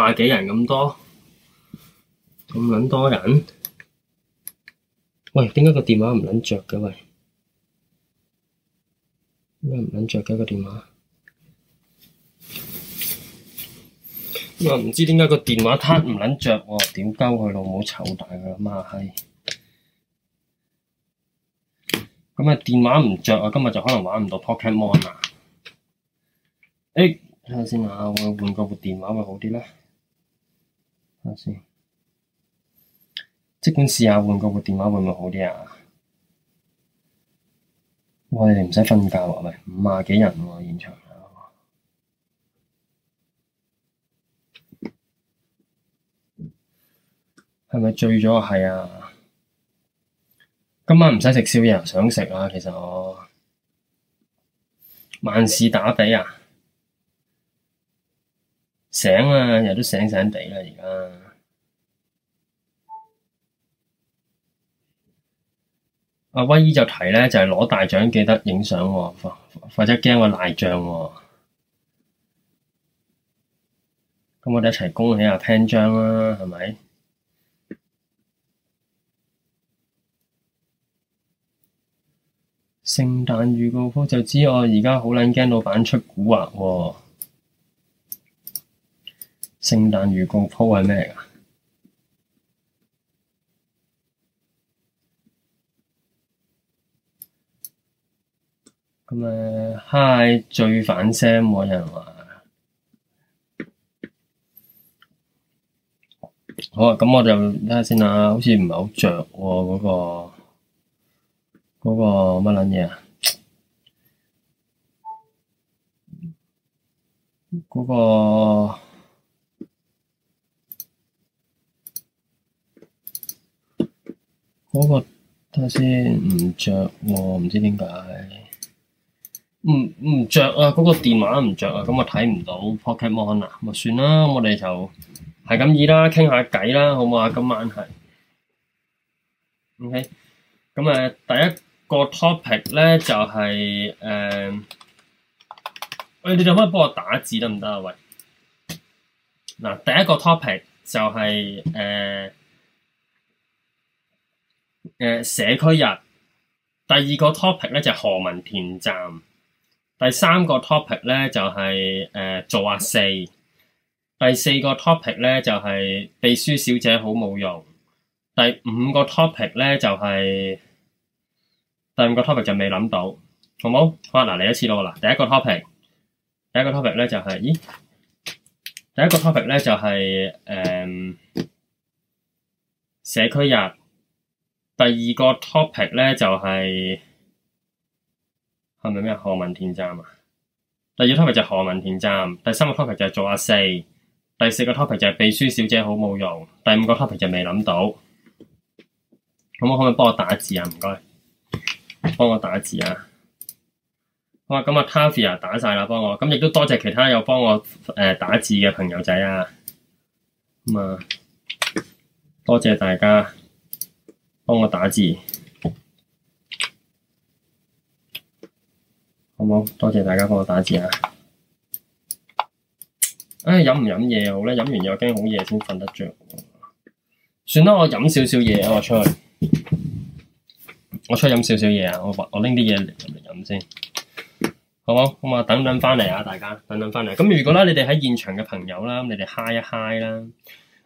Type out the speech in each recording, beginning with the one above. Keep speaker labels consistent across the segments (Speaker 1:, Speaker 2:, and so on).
Speaker 1: 廿幾人咁多，咁撚多人。喂，點解個電話唔撚着嘅喂？點解唔撚着嘅個電話著著？我唔知點解個電話撻唔撚着喎？屌鳩佢老母臭大㗎啦，媽閪！咁啊，電話唔着？啊，今日就可能玩唔到 Pokémon 啦。誒、欸，睇下先啊，我換個部電話會好啲咧。即管試下換個部電話會唔會好啲啊？哇，我哋唔使瞓覺啊，喂，五啊幾人喎，現場係咪醉咗啊？係啊，今晚唔使食宵夜啊，想食啊，其實我萬事打底啊，醒啊，又都醒醒地啦，而家。阿、啊、威姨就提咧，就係、是、攞大獎記得影相喎，或者驚我賴帳喎、啊。咁我哋一齊恭喜阿、啊、聽章啦、啊，係咪？聖誕預告鋪就知我而家好撚驚老闆出古惑喎、啊。聖誕預告鋪係咩嚟㗎？咁誒嗨最反聲喎，有人話好啊！咁我就睇下先啦、啊，好似唔係好着喎，嗰個嗰個乜撚嘢啊？嗰、那個嗰個嗰、嗰個睇下、啊嗰個嗰個嗰個、先，唔着喎，唔知點解。唔唔著啊！嗰、那個電話唔着、ok、啊！咁我睇唔到 Pokemon 啊！咪算啦，我哋就係咁意啦，傾下偈啦，好啊？今晚係 OK。咁、呃、啊，第一個 topic 咧就係、是、誒，喂、呃，你哋可以幫我打字得唔得啊？喂，嗱，第一個 topic 就係誒誒社區日，第二個 topic 咧就係、是、何文田站。第三個 topic 咧就係、是、誒、呃、做呀四，第四個 topic 咧就係、是、秘書小姐好冇用，第五個 topic 咧就係、是、第五個 topic 就未諗到，好冇？好啊，嗱嚟一次咯，嗱第一個 topic，第一個 topic 咧就係、是、咦，第一個 topic 咧就係、是、誒、呃、社區日，第二個 topic 咧就係、是。係咪咩何文田站啊？第二個 topic 就係何文田站，第三個 topic 就係做阿、啊、四，第四個 topic 就係秘書小姐好冇用，第五個 topic 就未諗到。咁、嗯、我可唔可以幫我打字啊？唔該，幫我打字啊。好啊，咁啊 Tavia 打晒啦，幫我。咁、啊、亦都多謝其他有幫我誒、呃、打字嘅朋友仔啊。咁啊，多謝大家幫我打字。好冇？多謝大家幫我打字啊！唉，飲唔飲嘢又好咧。飲完又驚好夜先瞓得着，算啦。我飲少少嘢，我出去。我出去飲少少嘢啊！我我拎啲嘢嚟飲先，好冇好嘛？等等翻嚟啊，大家等等翻嚟。咁如果咧，你哋喺現場嘅朋友啦，你哋嗨一嗨啦。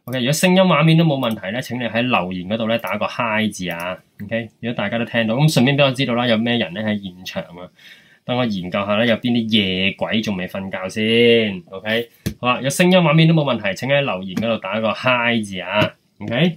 Speaker 1: OK，如果聲音畫面都冇問題咧，請你喺留言嗰度咧打個「嗨」字啊。OK，如果大家都聽到咁，順便俾我知道啦，有咩人咧喺現場啊？等我研究下咧，有邊啲夜鬼仲未瞓覺先，OK？好啦，啊，有聲音畫面都冇問題，請喺留言嗰度打一個嗨字啊，OK？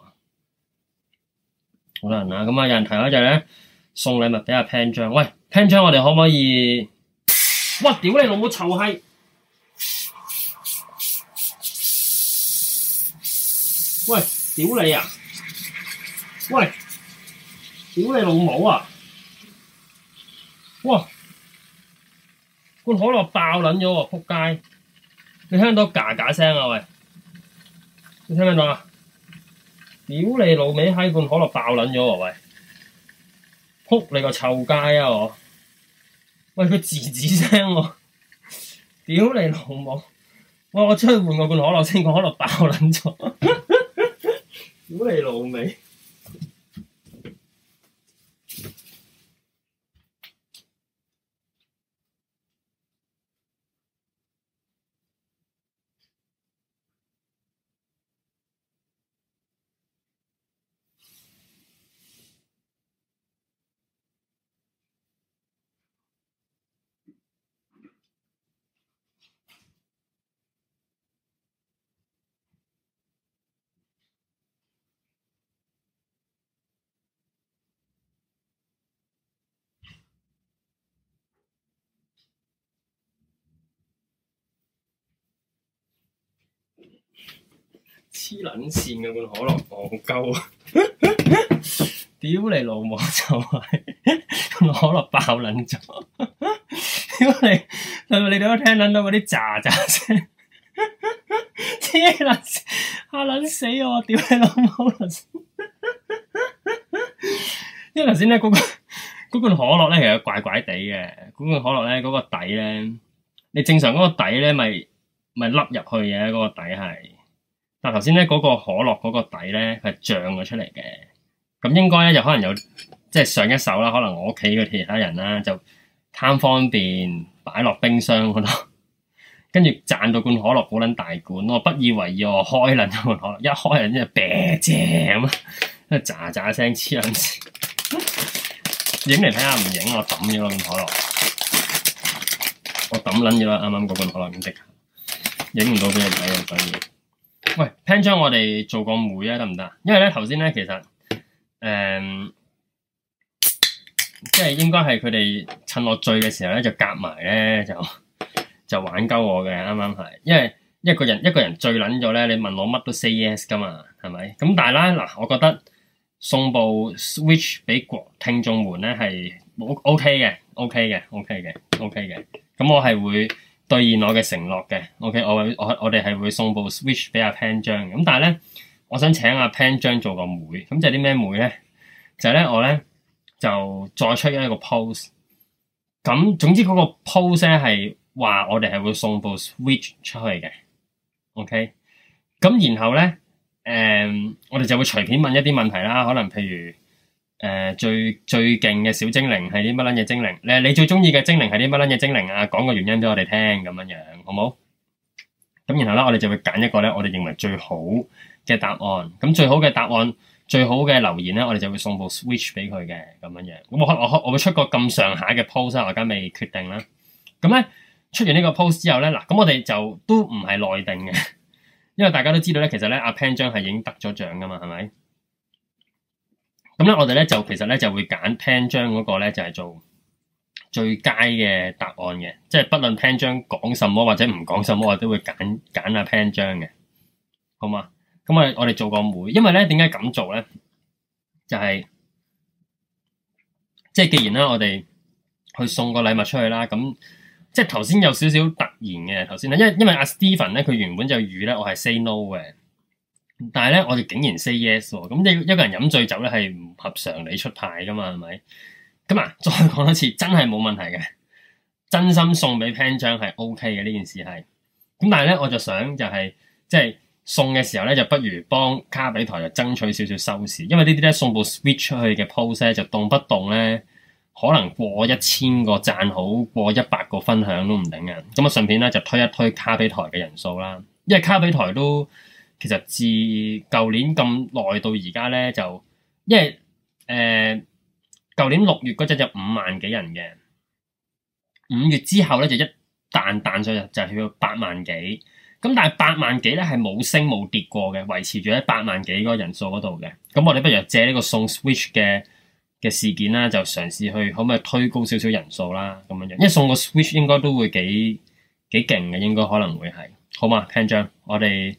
Speaker 1: 好多人啊！咁啊，有人提我就咧送禮物俾阿潘章。喂，潘章，我哋可唔可以？哇，屌你老母臭閪！喂，屌你啊！喂，屌你老母啊！哇！罐可樂爆撚咗啊！仆街！你聽到嘎嘎聲啊？喂，你聽唔聽到啊？屌你老味，喺罐可樂爆撚咗喎喂！扑你個臭街啊我！喂佢吱吱聲我、啊！屌你老母！喂我出去換個罐可樂先，個可樂爆撚咗！屌你老味。黐撚線嘅罐可樂，戇鳩！屌你老母就係罐可樂爆撚咗！屌你，係咪你哋都聽撚到嗰啲炸炸聲？黐撚，嚇撚死我！屌你老母！因為頭先咧，嗰罐嗰罐可樂咧，其實怪怪地嘅。嗰罐可樂咧，嗰個底咧，你正常嗰個底咧，咪咪凹入去嘅，嗰個底係。但頭先咧嗰個可樂嗰個底咧係漲咗出嚟嘅，咁應該咧就可能有即係上一手啦，可能我屋企嘅其他人啦就貪方便擺落冰箱嗰度，跟 住賺到罐可樂嗰撚、嗰個、大罐，我不以為意，我開撚咗罐可樂，一開然之後啤正啦，跟住喳喳聲黐撚，影嚟睇下唔影我抌咗罐可樂，我抌撚咗啦，啱啱嗰罐可樂唔食，影唔到俾人睇，所以。喂，Pan 張，我哋做個會啊，得唔得？因為咧，頭先咧，其實誒、嗯，即係應該係佢哋趁我醉嘅時候咧，就夾埋咧，就就玩鳩我嘅，啱啱係。因為一個人一個人醉捻咗咧，你問我乜都 say yes 噶嘛，係咪？咁但係咧，嗱，我覺得送部 Switch 俾國聽眾們咧係冇 OK 嘅，OK 嘅，OK 嘅，OK 嘅。咁、okay okay okay okay okay、我係會。兌現我嘅承諾嘅，OK，我我我哋係會送部 Switch 俾阿 p 潘張嘅。咁但係咧，我想請阿 Pan 張做個媒，咁就係啲咩媒咧？就咧、係、我咧就再出一個 post 咁總之嗰個 post 咧係話我哋係會送部 Switch 出去嘅，OK。咁然後咧，誒、嗯、我哋就會隨便問一啲問題啦，可能譬如。誒、呃，最最勁嘅小精靈係啲乜撚嘢精靈？你你最中意嘅精靈係啲乜撚嘢精靈啊？講個原因俾我哋聽，咁樣樣好冇？好，好？咁然後咧，我哋就會揀一個咧，我哋認為最好嘅答案。咁最好嘅答案，最好嘅留言咧，我哋就會送部 Switch 俾佢嘅咁樣樣。咁我我我會出個咁上下嘅 pose 啊，我而家未決定啦。咁咧出完呢個 pose 之後咧，嗱咁我哋就都唔係內定嘅，因為大家都知道咧，其實咧阿 Pan 將係已經得咗獎噶嘛，係咪？咁咧、嗯，我哋咧就其實咧就會揀 Pan 張嗰個咧，就係、是、做最佳嘅答案嘅，即係不論 Pan 張講什麼或者唔講什麼，我都會揀揀阿 Pan 張嘅，好嘛？咁、嗯、我我哋做個會，因為咧點解咁做咧？就係、是、即係既然啦，我哋去送個禮物出去啦，咁即係頭先有少少突然嘅頭先啦，因為因為阿、啊、Steven 咧，佢原本就預咧我係 say no 嘅。但係咧，我哋竟然 say yes 喎、哦！咁一一個人飲醉酒咧，係唔合常理出牌噶嘛，係咪？咁、嗯、啊，再講多次，真係冇問題嘅。真心送俾 Pan 張係 OK 嘅呢件事係。咁但係咧，我就想就係即係送嘅時候咧，就不如幫卡比台就爭取少少收視，因為呢啲咧送部 Switch 出去嘅 post 咧，就動不動咧可能過一千個讚好，過一百個分享都唔頂啊！咁啊，順便咧就推一推卡比台嘅人數啦，因為卡比台都。其實自舊年咁耐到而家咧，就因為誒舊、呃、年六月嗰陣就五萬幾人嘅五月之後咧，就一彈彈上去就，就去到八萬幾。咁但係八萬幾咧係冇升冇跌過嘅，維持住喺八萬幾嗰個人數嗰度嘅。咁我哋不如借呢個送 Switch 嘅嘅事件啦，就嘗試去可唔可以推高少少人數啦，咁樣樣。因為送個 Switch 應該都會幾幾勁嘅，應該可能會係好嘛？潘張，我哋。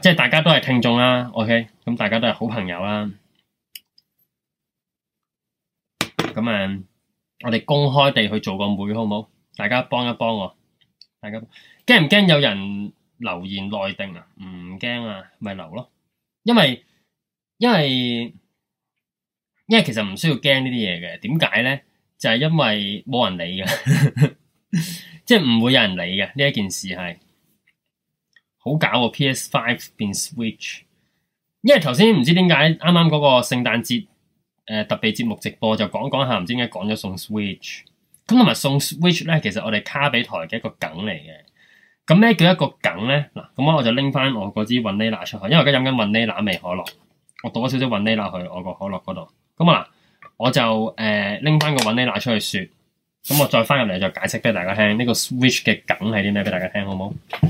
Speaker 1: 即係大家都係聽眾啦，OK，咁大家都係好朋友啦，咁啊、嗯，我哋公開地去做個會好唔好？大家幫一幫我，大家驚唔驚有人留言內定啊？唔驚啊，咪、啊、留咯，因為因為因為其實唔需要驚呢啲嘢嘅。點解咧？就係、是、因為冇人理嘅， 即係唔會有人理嘅呢一件事係。好搞喎！PS5 變 Switch，因為頭先唔知點解啱啱嗰個聖誕節、呃、特備節目直播就講一講一下，唔知點解講咗送 Switch，咁同、嗯、埋送 Switch 咧，其實我哋卡比台嘅一個梗嚟嘅。咁、嗯、咩叫一個梗咧？嗱，咁我我就拎翻我嗰支雲尼拿出去，因為我而家飲緊雲尼拿味可樂，我倒少少雲尼拿去我個可樂嗰度。咁、嗯、啊，我就誒拎翻個雲尼拿出去説，咁、嗯、我再翻入嚟就解釋俾大家聽，呢、這個 Switch 嘅梗係啲咩俾大家聽，好唔好？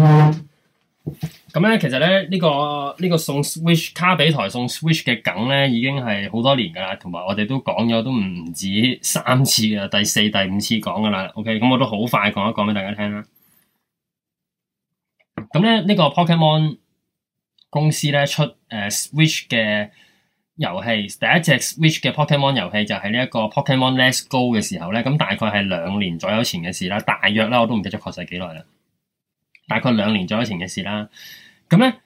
Speaker 1: 咁咧，其實咧呢個呢個送 Switch 卡俾台送 Switch 嘅梗咧，已經係好多年噶啦，同埋我哋都講咗都唔止三次噶啦，第四、第五次講噶啦。OK，咁我都好快講一講俾大家聽啦。咁咧呢個 Pokemon 公司咧出 Switch 嘅遊戲，第一隻 Switch 嘅 Pokemon 遊戲就係呢一個 Pokemon Let's Go 嘅時候咧，咁大概係兩年左右前嘅事啦，大約咧我都唔記得確實幾耐啦。大概兩年左右以前嘅事啦，咁咧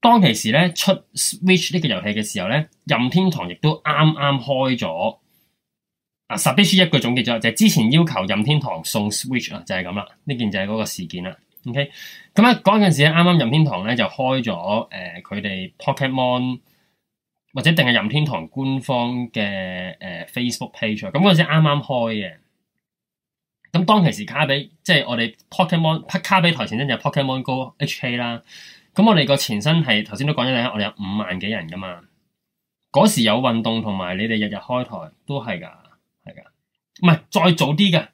Speaker 1: 當其時咧出 Switch 呢個遊戲嘅時候咧，任天堂亦都啱啱開咗啊！Switch 一句總結咗就係、是、之前要求任天堂送 Switch 啦，就係咁啦，呢件就係嗰個事件啦。OK，咁啊嗰陣時咧，啱啱任天堂咧就開咗誒佢、呃、哋 Pokémon、ok、或者定係任天堂官方嘅誒、呃、Facebook page，咁嗰陣時啱啱開嘅。咁當其時卡比，即係我哋 Pokemon 卡比台前身就係 Pokemon Go HK 啦。咁我哋個前身係頭先都講咗你，我哋有五萬幾人噶嘛。嗰時有運動同埋你哋日日開台都係噶，係噶，唔係再早啲嘅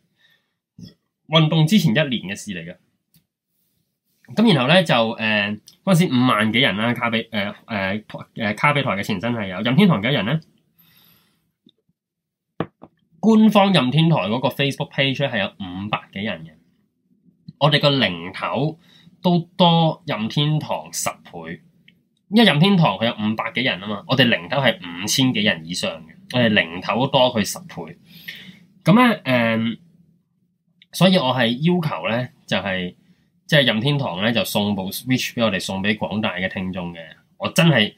Speaker 1: 運動之前一年嘅事嚟嘅。咁然後咧就誒嗰陣時五萬幾人啦，卡比誒誒誒卡比台嘅前身係有任天堂嘅人咧。官方任天堂嗰個 Facebook page 係有五百幾人嘅，我哋個零頭都多任天堂十倍，因為任天堂佢有五百幾人啊嘛，我哋零頭係五千幾人以上嘅，我哋零頭都多佢十倍。咁咧、啊，誒、嗯，所以我係要求咧，就係即係任天堂咧，就送部 Switch 俾我哋，送俾廣大嘅聽眾嘅。我真係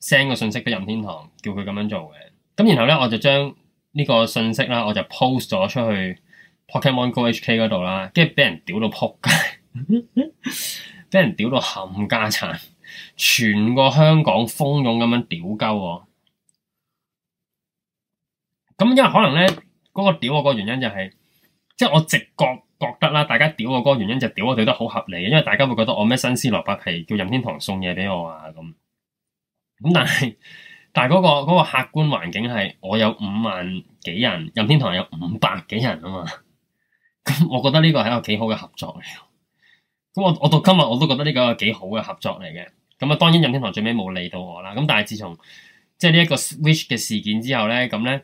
Speaker 1: send 個信息俾任天堂，叫佢咁樣做嘅。咁然後咧，我就將。呢個信息啦，我就 post 咗出去 Pokemon Go HK 嗰度啦，跟住俾人屌到仆街，俾 人屌到冚家鏟，全個香港蜂擁咁樣屌鳩我。咁因為可能咧，嗰、那個屌我個原因就係、是，即、就、係、是、我直覺覺得啦，大家屌我個原因就屌我哋都好合理，因為大家會覺得我咩新鮮蘿蔔皮叫任天堂送嘢俾我啊咁，咁但係。但係嗰個嗰個客觀環境係，我有五萬幾人，任天堂有五百幾人啊嘛。咁 我覺得呢個係一個幾好嘅合作嚟。咁 我我到今日我都覺得呢個係幾好嘅合作嚟嘅。咁啊，當然任天堂最尾冇理到我啦。咁但係自從即係呢一個 switch 嘅事件之後咧，咁咧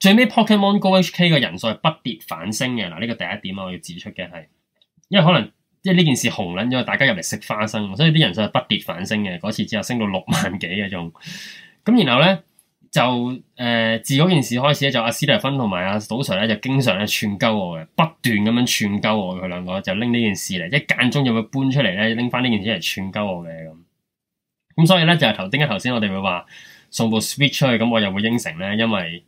Speaker 1: 最尾 Pokemon Go HK 嘅人數係不跌反升嘅。嗱，呢個第一點我要指出嘅係，因為可能即係呢件事紅撚咗，大家入嚟食花生，所以啲人數係不跌反升嘅。嗰次之後升到六萬幾嘅仲。咁然後咧就誒、呃、自嗰件事開始咧，就阿史蒂芬同埋阿賭 Sir 咧就經常咧串鳩我嘅，不斷咁樣串鳩我，佢兩個就拎呢件事嚟，一間中就會搬出嚟咧拎翻呢件事嚟串鳩我嘅咁。咁所以咧就頭先頭先，我哋會話送部 Switch 出去，咁我又會應承咧，因為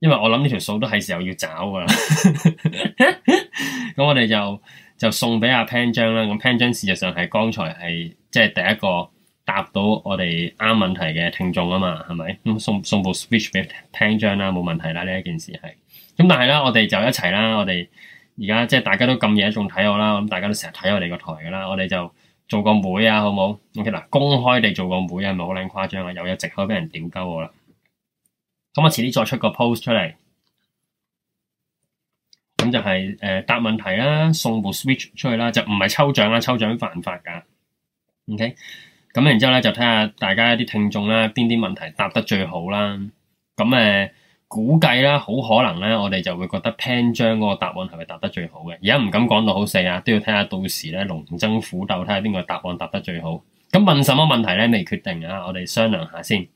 Speaker 1: 因為我諗呢條數都係時候要找㗎。咁 我哋就就送俾阿 Pan 張啦。咁 Pan 張事實上係剛才係即係第一個。答到我哋啱問題嘅聽眾啊嘛，係咪？咁送送部 switch 俾聽章啦，冇問題啦。呢一件事係咁，但係咧，我哋就一齊啦。我哋而家即係大家都咁夜仲睇我啦，咁大家都成日睇我哋個台噶啦。我哋就做個會啊，好唔好？OK 嗱，公開地做個會咪好咁誇張啊，又有藉口俾人屌鳩我啦。咁我遲啲再出個 post 出嚟，咁就係、是、誒、呃、答問題啦，送部 switch 出去啦，就唔係抽獎啦，抽獎犯法㗎。OK。咁然之後咧，就睇下大家一啲聽眾啦，邊啲問題答得最好啦。咁誒、呃、估計啦，好可能咧，我哋就會覺得潘張嗰個答案係咪答得最好嘅？而家唔敢講到好死啊，都要睇下到時咧龍爭虎鬥，睇下邊個答案答得最好。咁問什麼問題咧？未決定啊，我哋商量下先。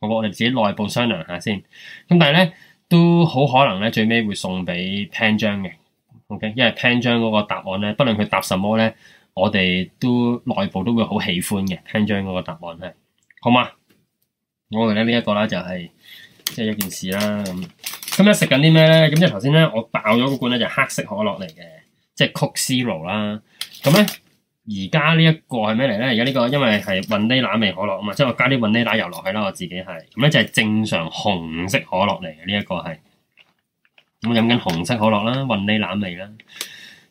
Speaker 1: 我我哋自己內部商量下先。咁但係咧都好可能咧，最尾會送俾潘張嘅。OK，因為潘張嗰個答案咧，不論佢答什麼咧。我哋都內部都會好喜歡嘅，聽張嗰個答案咧，好嘛？我哋咧呢一個咧就係即係一件事啦。咁今日食緊啲咩咧？咁即係頭先咧，我爆咗嗰罐咧就黑色可樂嚟嘅，即係 Coke Zero 啦。咁咧而家呢一個係咩嚟咧？而家呢個因為係雲呢奶味可樂啊嘛，即係我加啲雲呢奶油落去啦，我自己係咁咧就係正常紅色可樂嚟嘅呢一個係。咁飲緊紅色可樂啦，雲呢奶味啦。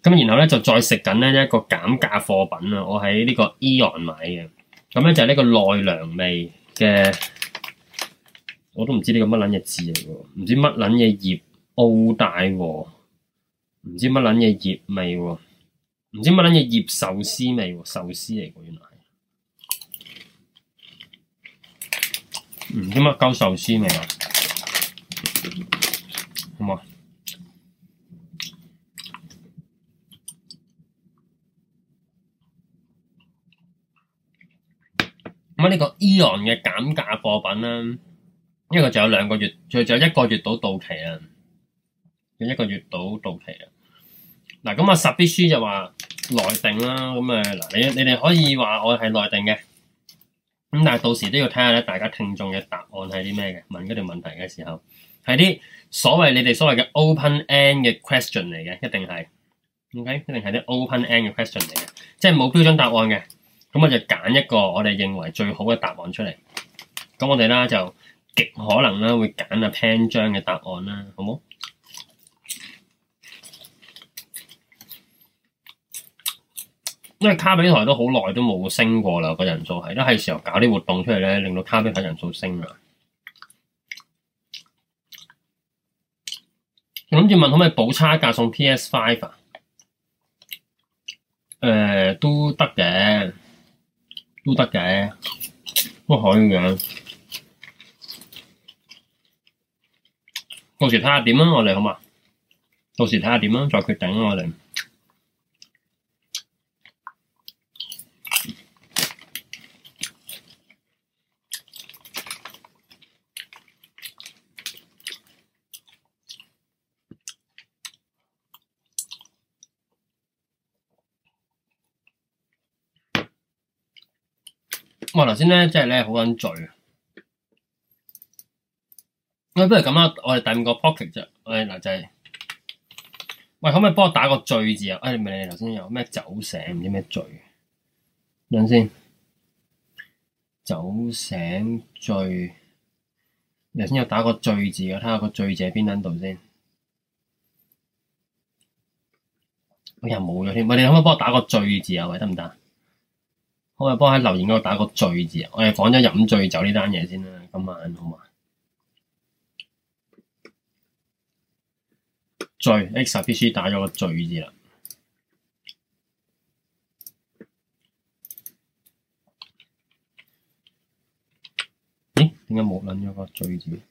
Speaker 1: 咁然後咧就再食緊呢一個減價貨品啊！我喺呢個 Eon 買嘅，咁咧就係呢個奈良味嘅，我都唔知呢個乜撚嘢字嚟嘅，唔知乜撚嘢葉澳大和，唔知乜撚嘢葉味喎，唔知乜撚嘢葉壽司味喎，壽司嚟嘅原來係，唔知乜鳩壽司味啊，好冇？咁呢個 EON 嘅減價貨品咧，呢個仲有兩個月，仲仲有一個月到到期啊，仲一個月到到期啊。嗱咁啊，十必書就話內定啦。咁啊，嗱你你哋可以話我係內定嘅。咁但係到時都要睇下咧，大家聽眾嘅答案係啲咩嘅？問嗰條問題嘅時候，係啲所謂你哋所謂嘅 open end 嘅 question 嚟嘅，一定係，OK，一定係啲 open end 嘅 question 嚟嘅，即係冇標準答案嘅。咁我就揀一個我哋認為最好嘅答案出嚟。咁我哋咧就極可能咧會揀阿 Pan 張嘅答案啦，好冇？因為卡比台都好耐都冇升過啦，個人數係都係時候搞啲活動出嚟咧，令到卡比台人數升啊！諗住問可唔可以補差價送 PS5 啊？誒、呃，都得嘅。都得嘅，都可以嘅。到時睇下點樣，我哋好嘛？到時睇下點樣再決定啊，我哋。哇！頭先咧，即係咧，好撚醉啊！咁啊，不如咁啦，我哋第五個 pocket 啫。我哋嗱就係，喂，可唔可以幫我打個醉字啊？誒，唔係你頭先有咩酒醒，唔知咩醉，等陣先。酒醒醉，頭先有打個醉字嘅，睇下個醉字喺邊撚度先。又冇咗添，喂，你可唔可以幫我打個醉字啊？喂，得唔得？好啊，幫我喺留言嗰度打個醉字啊！我哋講咗飲醉酒呢單嘢先啦，今晚好嘛？醉，X 必須打咗個醉字啦。咦？點解冇捻咗個醉字？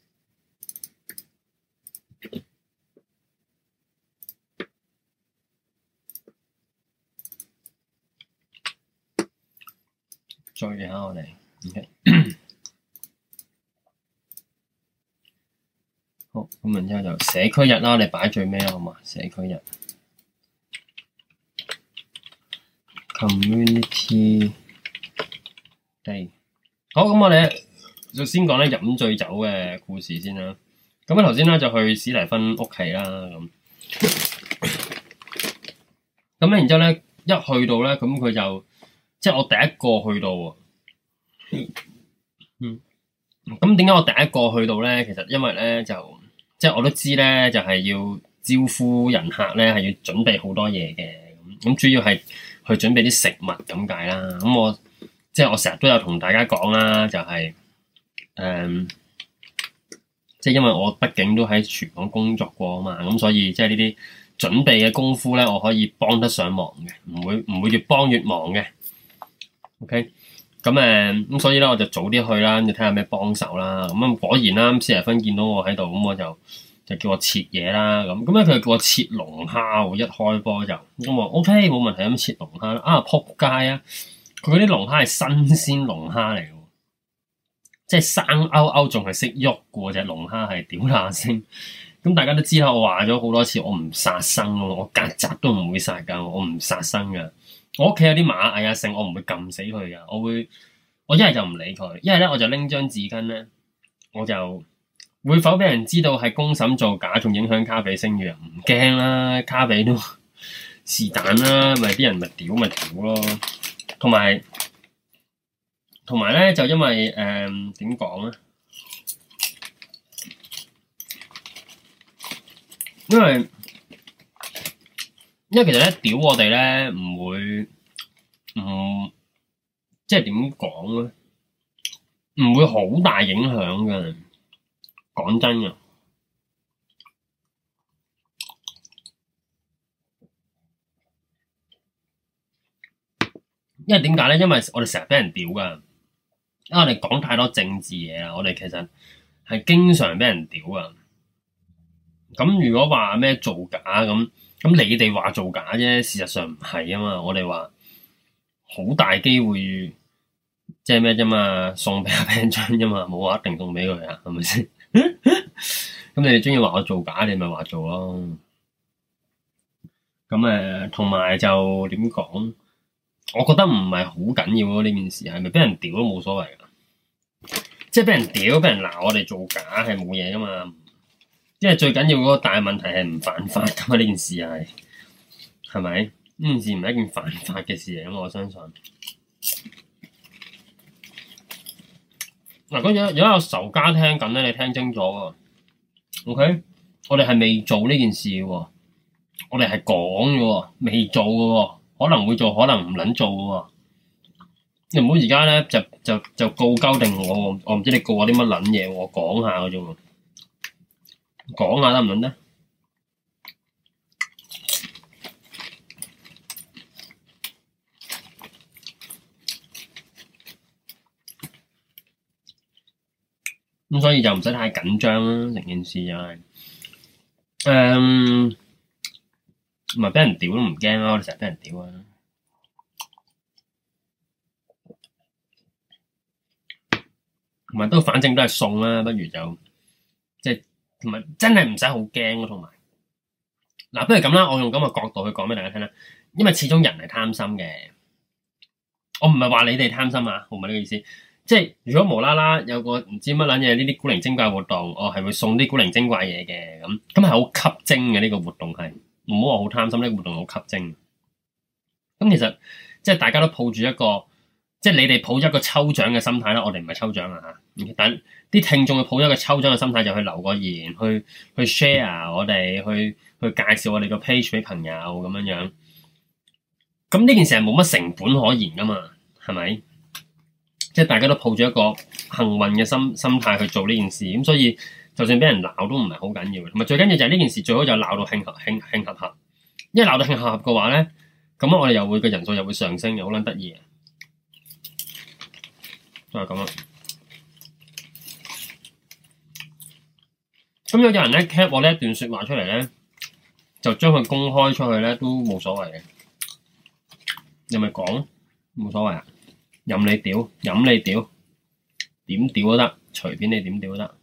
Speaker 1: 醉下我哋，OK？好，咁然之後就社區日啦，你擺最尾啊嘛，社區日。Community day。好，咁我哋就先講咧飲醉酒嘅故事先啦。咁咧頭先咧就去史蒂芬屋企啦，咁。咁咧然之後咧一去到咧，咁佢就。即係我第一個去到、喎、嗯，咁點解我第一個去到咧？其實因為咧就即係我都知咧，就係、就是、要招呼人客咧，係要準備好多嘢嘅。咁咁主要係去準備啲食物咁解啦。咁我即係我成日都有同大家講啦，就係、是、誒、嗯，即係因為我畢竟都喺廚房工作過啊嘛，咁所以即係呢啲準備嘅功夫咧，我可以幫得上忙嘅，唔會唔會越幫越忙嘅。O K，咁誒，咁、okay，嗯、所以咧，我就早啲去啦，咁就睇下咩幫手啦。咁啊，果然啦，四廿分見到我喺度，咁、嗯、我就就叫我切嘢啦。咁咁咧，佢、嗯、就叫我切龍蝦，我一開波就咁、嗯、我 O K，冇問題，咁切龍蝦啦。啊，扑街啊！佢啲龍蝦係新鮮龍蝦嚟嘅，即係生勾勾仲係識喐嘅喎，隻龍蝦係屌下聲。咁、嗯、大家都知道，我話咗好多次，我唔殺生咯、啊，我曱甴都唔會殺噶，我唔殺生噶。我屋企有啲螞蟻、啊，哎呀，剩我唔會撳死佢㗎，我會，我一係就唔理佢，一係咧我就拎張紙巾咧，我就會否俾人知道係公審造假，仲影響卡比聲譽？唔驚啦，卡比都是但啦，咪啲人咪屌咪屌咯，同埋，同埋咧就因為誒點講咧，因為。因為其實咧屌我哋咧唔會唔即係點講咧，唔會好大影響嘅。講真嘅，因為點解咧？因為我哋成日俾人屌噶，因為我哋講太多政治嘢啦。我哋其實係經常俾人屌噶。咁如果話咩造假咁？咁你哋話做假啫，事實上唔係啊嘛，我哋話好大機會即係咩啫嘛，送俾阿 Ben 春啫嘛，冇話一定送俾佢啊，係咪先？咁 你哋中意話我做假，你咪話做咯。咁誒，同、呃、埋就點講？我覺得唔係好緊要咯，呢件事係咪俾人屌都冇所謂噶，即係俾人屌俾人鬧我哋做假係冇嘢噶嘛。因為最緊要嗰個大問題係唔犯法咁啊！呢件事係係咪呢件事唔係一件犯法嘅事嚟。咁我相信嗱，咁、啊、有有阿仇家聽緊咧，你聽清楚喎？OK，我哋係未做呢件事喎，我哋係講咗未做嘅，可能會做，可能唔捻做嘅。你唔好而家咧就就就告交定我，我唔知你告我啲乜捻嘢，我講下嘅啫講下得唔得？咁所以就唔使太緊張啦，成件事又係誒，唔係畀人屌都唔驚咯，你成日畀人屌啊，同埋都反正都係送啦，不如就～同埋真係唔使好驚咯，同埋嗱，不如咁啦，我用咁嘅角度去講俾大家聽啦。因為始終人係貪心嘅，我唔係話你哋貪心啊，好唔係呢個意思。即係如果無啦啦有個唔知乜撚嘢呢啲古靈精怪活動，我係會送啲古靈精怪嘢嘅咁，咁係好吸睛嘅呢個活動係。唔好話好貪心，呢個活動好吸睛。咁其實即係大家都抱住一個，即係你哋抱住一個抽獎嘅心態啦。我哋唔係抽獎啊嚇，但。啲聽眾去抱一個抽獎嘅心態，就去留個言，去去 share 我哋，去去，去介紹我哋個 page 俾朋友咁樣樣。咁呢件事係冇乜成本可言噶嘛，係咪？即係大家都抱住一個幸運嘅心心態去做呢件事，咁所以就算俾人鬧都唔係好緊要嘅。同埋最緊要就係呢件事最好就鬧到慶合慶慶合合，因為鬧到慶合合嘅話咧，咁我哋又會個人數又會上升，又好撚得意都係咁啦。就是咁有啲人咧 cap 我呢一段説話出嚟咧，就將佢公開出去咧都冇所謂嘅。你咪講，冇所謂啊，任你屌，任你屌，點屌都得，隨便你點屌都得。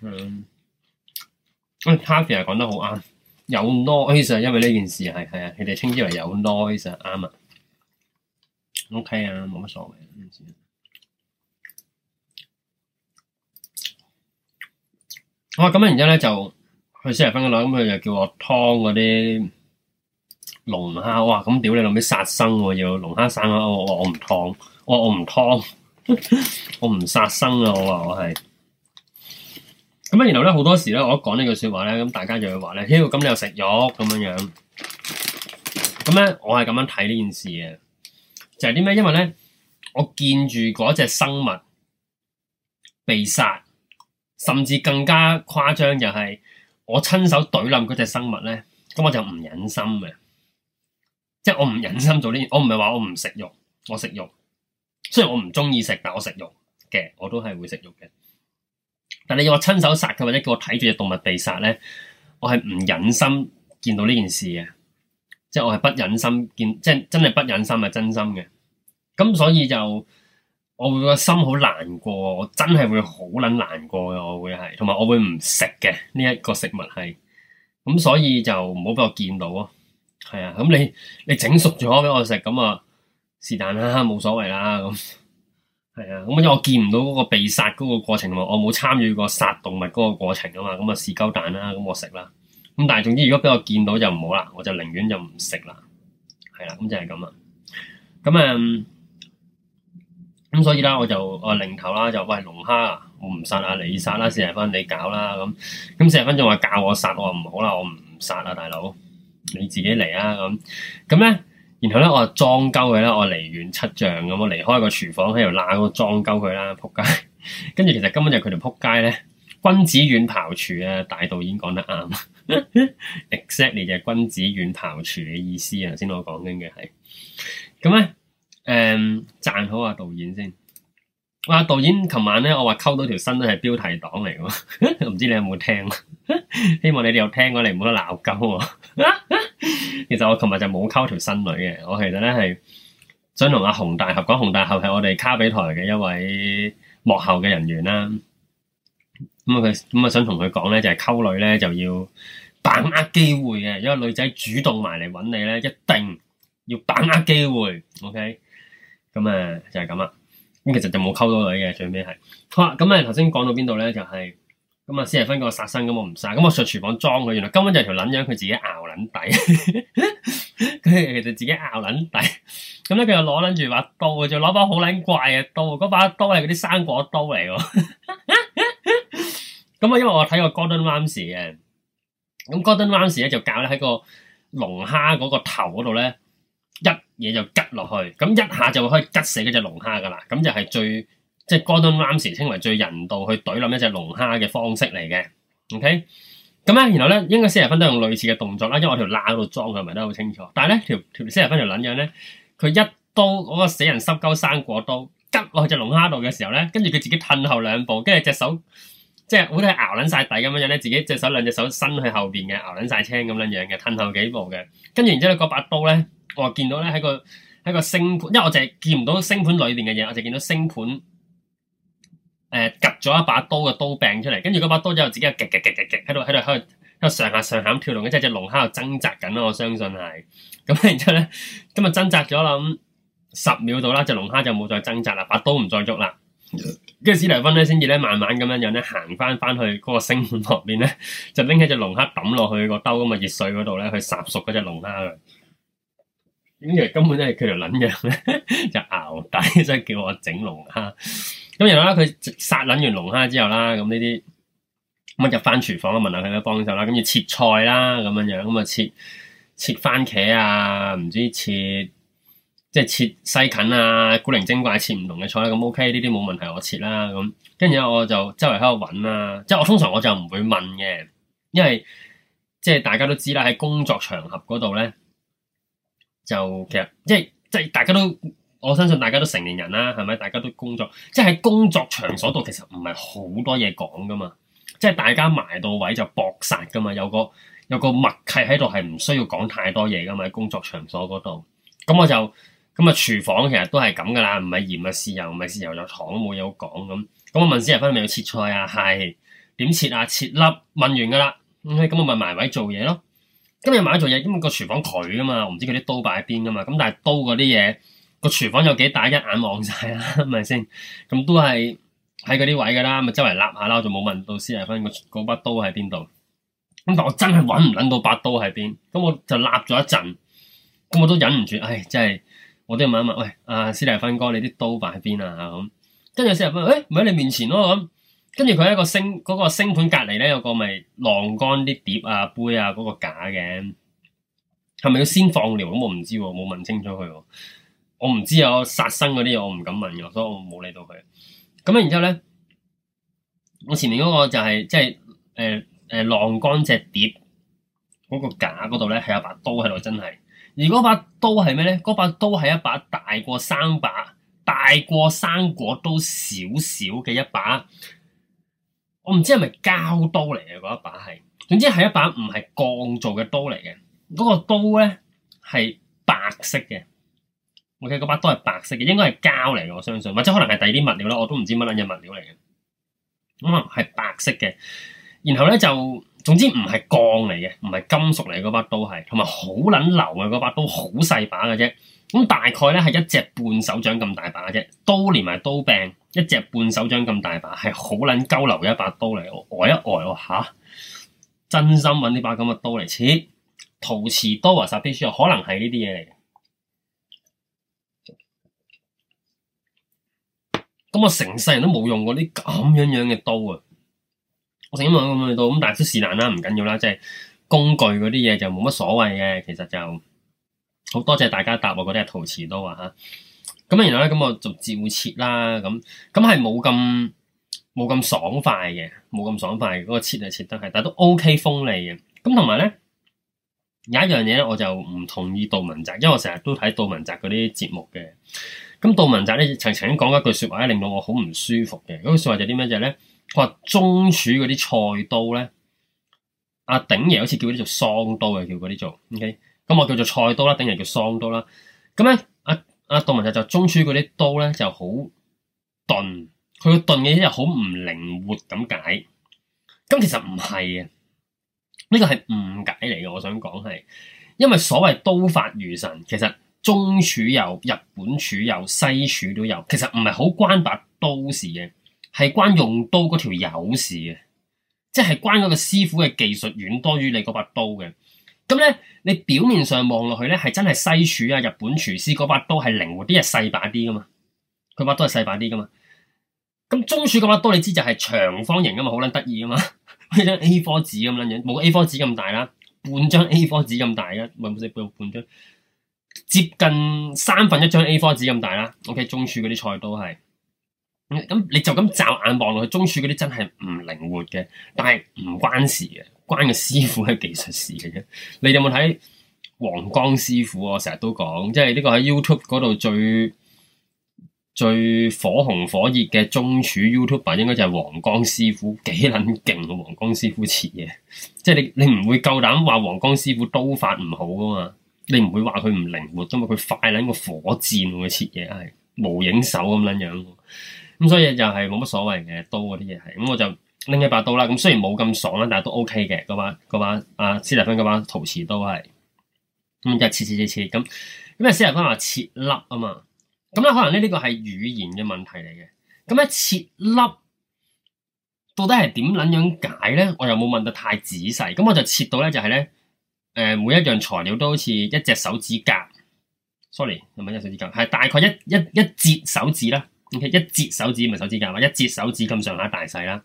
Speaker 1: 嗯，Carry 係講得好啱，有 noise 啊，因為呢件事係係啊，佢哋稱之為有 noise 啊，啱啊。O、okay, K 啊，冇乜所謂啊。哇，咁啊，然之後咧就佢先嚟分嘅啦，咁佢就叫我劏嗰啲龍蝦。哇、哦，咁屌你，諗起殺生喎，要龍蝦生啊！我我唔劏，我我唔劏，我唔殺生啊！我話我係咁啊，然後咧好多時咧，我一講呢句說話咧，咁大家就會話咧，屌，咁你又食肉咁樣樣？咁、啊、咧，我係咁樣睇呢件事嘅。就係啲咩？因為咧，我見住嗰隻生物被殺，甚至更加誇張就係我親手懟冧嗰隻生物咧，咁我就唔忍心嘅。即係我唔忍心做呢件事。我唔係話我唔食肉，我食肉。雖然我唔中意食，但我食肉嘅，我都係會食肉嘅。但係要我親手殺佢，或者叫我睇住隻動物被殺咧，我係唔忍心見到呢件事嘅。即係我係不忍心見，即係真係不忍心，係真心嘅。咁所以就我會個心好難過，我真係會好捻難過嘅，我會係，同埋我會唔食嘅呢一個食物係，咁所以就唔好俾我見到咯，係啊，咁你你整熟咗俾我食，咁啊是但啦，冇所謂啦，咁係啊，咁因為我見唔到嗰個被殺嗰個過程嘛，我冇參與過個殺動物嗰個過程啊嘛，咁啊是鳩蛋啦，咁我食啦，咁但係總之如果俾我見到就唔好啦，我就寧願就唔食啦，係啦，咁就係咁啊，咁啊。咁、嗯、所以啦，我就我擰頭啦，就喂龍蝦，我唔殺啦，你殺啦，啊，四十分你搞啦，啊，咁咁四十分仲話教我殺，我話唔好啦，我唔殺啊，大佬你自己嚟啊，咁咁咧，然後咧我就裝鳩佢啦，我離遠七丈咁，我離開個廚房喺度鬧我裝鳩佢啦，扑街，跟住其實根本就係佢條扑街咧，君子遠庖廚啊，大度已經講得啱 ，exactly 就君子遠庖廚嘅意思啊，頭先我講緊嘅係，咁咧。誒，讚、um, 好啊,啊！導演先，哇！導演，琴晚咧，我話溝到條新都係標題黨嚟嘅，唔 知你有冇聽？ 希望你哋有聽過，你我你唔好得鬧交啊！ 其實我琴日就冇溝條新女嘅，我其實咧係想同阿洪大俠講，洪大俠係我哋卡比台嘅一位幕後嘅人員啦。咁啊，佢咁啊，想同佢講咧，就係、是、溝女咧就要把握機會嘅，因為女仔主動埋嚟揾你咧，一定要把握機會。OK。咁誒、嗯、就係咁啦，咁其實就冇溝到女嘅，最尾係好啦。咁誒頭先講到邊度咧？就係咁啊！先、嗯、蒂分個殺生咁我唔殺，咁、嗯嗯、我上廚房裝佢，原來根本就係條撚樣，佢自己咬撚底，佢 就自己咬撚底。咁咧佢又攞撚住把刀，就攞把好撚怪嘅刀，嗰把刀係嗰啲生果刀嚟㗎。咁、 嗯嗯嗯嗯嗯嗯、啊，因為我睇過 g、嗯嗯、Gordon Ramsay 嘅，咁 Gordon Ramsay 咧就教咧喺個龍蝦嗰個頭嗰度咧。嘢就吉落去，咁一下就會可以吉死嗰隻龍蝦噶啦，咁就係最即係 Gordon Ramsay 稱為最人道去懟冧一隻龍蝦嘅方式嚟嘅，OK？咁啊，然後咧應該四十分都用類似嘅動作啦，因為我條罅嗰度裝佢，係咪都好清楚。但係咧條條四十分條撚樣咧，佢一刀嗰、那個死人濕鳩生果刀吉落去隻龍蝦度嘅時候咧，跟住佢自己褪後兩步，跟住隻手即係好似係熬撚晒底咁樣樣咧，自己隻手兩隻手伸去後邊嘅熬撚晒青咁撚樣嘅褪後幾步嘅，跟住然之後嗰把刀咧。我見到咧喺個喺個星盤，因為我淨係見唔到星盤裏邊嘅嘢，我就見到星盤誒夾咗一把刀嘅刀柄出嚟，跟住嗰把刀之後又自己又夾夾夾夾夾喺度喺度喺度喺度上下上下跳動，即係隻龍蝦又掙扎緊咯，我相信係咁、嗯。然之後咧今日掙扎咗諗、嗯、十秒到啦，隻龍蝦就冇再掙扎啦，把刀唔再郁啦。跟住 Yeah. 史提芬咧先至咧慢慢咁樣樣咧行翻翻去嗰、嗰個星盤旁邊咧，就拎起隻龍蝦抌落去、個兜咁嘅熱水嗰度咧，去烚熟嗰隻龍蝦佢。咁原來根本都係佢條撚樣咧， 就熬底，所以叫我整龍蝦。咁然後咧，佢殺撚完龍蝦之後啦，咁呢啲乜入翻廚房啊，問下佢有冇幫手啦，跟住切菜啦，咁樣樣咁啊切切番茄啊，唔知切即係切西芹啊，古靈精怪切唔同嘅菜啦。咁 OK，呢啲冇問題，我切啦。咁跟住我就周圍喺度揾啦，即係我通常我就唔會問嘅，因為即係大家都知啦，喺工作場合嗰度咧。就其實即係即係大家都，我相信大家都成年人啦，係咪？大家都工作，即係喺工作場所度，其實唔係好多嘢講噶嘛。即係大家埋到位就搏殺噶嘛，有個有個默契喺度係唔需要講太多嘢噶嘛。喺工作場所嗰度，咁、嗯、我就咁啊、嗯，廚房其實都係咁噶啦，唔係鹽啊，豉油唔係豉油有糖都冇嘢好講咁。咁我問師傅：你係咪要切菜啊？係，點切啊？切粒。問完噶啦，咁、嗯嗯、我咪埋位做嘢咯。今日買做嘢，咁個廚房佢噶嘛，我唔知佢啲刀擺喺邊噶嘛，咁但係刀嗰啲嘢個廚房有幾大，一眼望晒啦，係咪先？咁都係喺嗰啲位噶啦，咪周圍立下啦。我就冇問到施大芬個嗰把刀喺邊度。咁但我真係揾唔揾到把刀喺邊，咁我就立咗一陣，咁我都忍唔住，唉、哎，真係我都要問一問，喂，阿施大芬哥，你啲刀擺喺邊啊？咁，跟住施大芬話：，誒、哎，唔喺你面前咯、啊。跟住佢喺一個星嗰、那個星盆隔籬咧，有個咪晾乾啲碟啊杯啊嗰、那個架嘅，係咪要先放尿我唔知，冇問清楚佢、啊。我唔知有我殺生嗰啲嘢，我唔敢問嘅，所以我冇理到佢。咁然之後咧，我前面嗰個就係、是、即係誒誒晾乾隻碟嗰、那個架嗰度咧，係有把刀喺度，真係。而嗰把刀係咩咧？嗰把刀係一把大過三把、大過生果刀少少嘅一把。我唔知係咪膠刀嚟嘅，嗰一把係，總之係一把唔係鋼造嘅刀嚟嘅。嗰、嗰個刀咧係白色嘅，我睇嗰把刀係白色嘅，應該係膠嚟嘅，我相信，或者可能係第二啲物料咯，我都唔知乜撚嘢物料嚟嘅。咁啊，係白色嘅，然後咧就總之唔係鋼嚟嘅，唔係金屬嚟嗰把刀係，同埋好撚流嘅嗰把刀，好細把嘅啫。咁大概咧係一隻半手掌咁大把嘅啫，刀連埋刀柄。一隻半手掌咁大把，係好捻鳩流一把刀嚟，我呆一呆，我、啊、吓，真心揾呢把咁嘅刀嚟切陶瓷刀啊，殺啲書啊，可能係呢啲嘢嚟嘅。咁我成世人都冇用過啲咁樣樣嘅刀啊！我成日問咁嘅刀，咁但係都是但啦、啊，唔緊要啦，即係工具嗰啲嘢就冇乜所謂嘅，其實就好多謝大家答我嗰啲係陶瓷刀啊吓。咁啊，然後咧，咁我就照切啦，咁咁係冇咁冇咁爽快嘅，冇咁爽快嘅嗰個切就切得係，但係都 OK 鋒利嘅。咁同埋咧有一樣嘢咧，我就唔同意杜汶澤，因為我成日都睇杜汶澤嗰啲節目嘅。咁杜汶澤咧，曾曾經講一句説話咧，令到我好唔舒服嘅。嗰句説話就啲咩就係咧，佢話中廚嗰啲菜刀咧，阿、啊、鼎爺好似叫嗰啲做桑刀嘅，叫嗰啲做 OK。咁我叫做菜刀啦，鼎爺叫桑刀啦。咁咧。阿杜文就就中柱嗰啲刀咧就好鈍，佢個鈍嘅一日好唔靈活咁解，咁其實唔係嘅。呢個係誤解嚟嘅。我想講係，因為所謂刀法如神，其實中柱有、日本柱有、西柱都有，其實唔係好關白刀事嘅，係關用刀嗰條友事嘅，即係關嗰個師傅嘅技術遠多於你嗰把刀嘅。咁咧，你表面上望落去咧，係真係西廚啊，日本廚師嗰把刀係靈活啲，係細把啲噶嘛，佢、那個、把，把刀係細把啲噶嘛。咁中廚嗰把刀，你知就係長方形噶嘛，好捻得意噶嘛，好似張 A4 紙咁捻樣，冇 A4 紙咁大啦，半張 A4 紙咁大嘅，搵唔識背，半張接近三分一張 A4 紙咁大啦。OK，中廚嗰啲菜刀係。咁，你就咁驟眼望落去，中廚嗰啲真係唔靈活嘅，但係唔關事嘅，關個師傅係技術事嘅啫。你有冇睇黃光師傅、啊？我成日都講，即係呢個喺 YouTube 嗰度最最火紅火熱嘅中廚 YouTuber，應該就係黃光師傅，幾捻勁啊！黃光師傅切嘢，即係你你唔會夠膽話黃光師傅刀法唔好噶、啊、嘛？你唔會話佢唔靈活噶、啊、嘛？佢快捻個火箭喎、啊，切嘢係無影手咁捻樣，樣。咁、嗯、所以就係冇乜所謂嘅刀嗰啲嘢係，咁、嗯、我就拎一把刀啦。咁、嗯、雖然冇咁爽啦，但係都 OK 嘅。嗰把嗰把阿、啊、斯達芬嗰把陶瓷刀係咁，就切切切切咁。咁阿、嗯、斯達芬話切粒啊嘛，咁、嗯、咧可能咧呢個係語言嘅問題嚟嘅。咁、嗯、咧切粒到底係點撚樣解咧？我又冇問得太仔細，咁、嗯、我就切到咧就係、是、咧，誒、呃、每一樣材料都好似一隻手指甲，sorry，唔係一隻手指甲，係大概一一一,一,一,一節手指啦。O.K. 一截手指咪手指甲嘛，一截手指咁上下大細啦。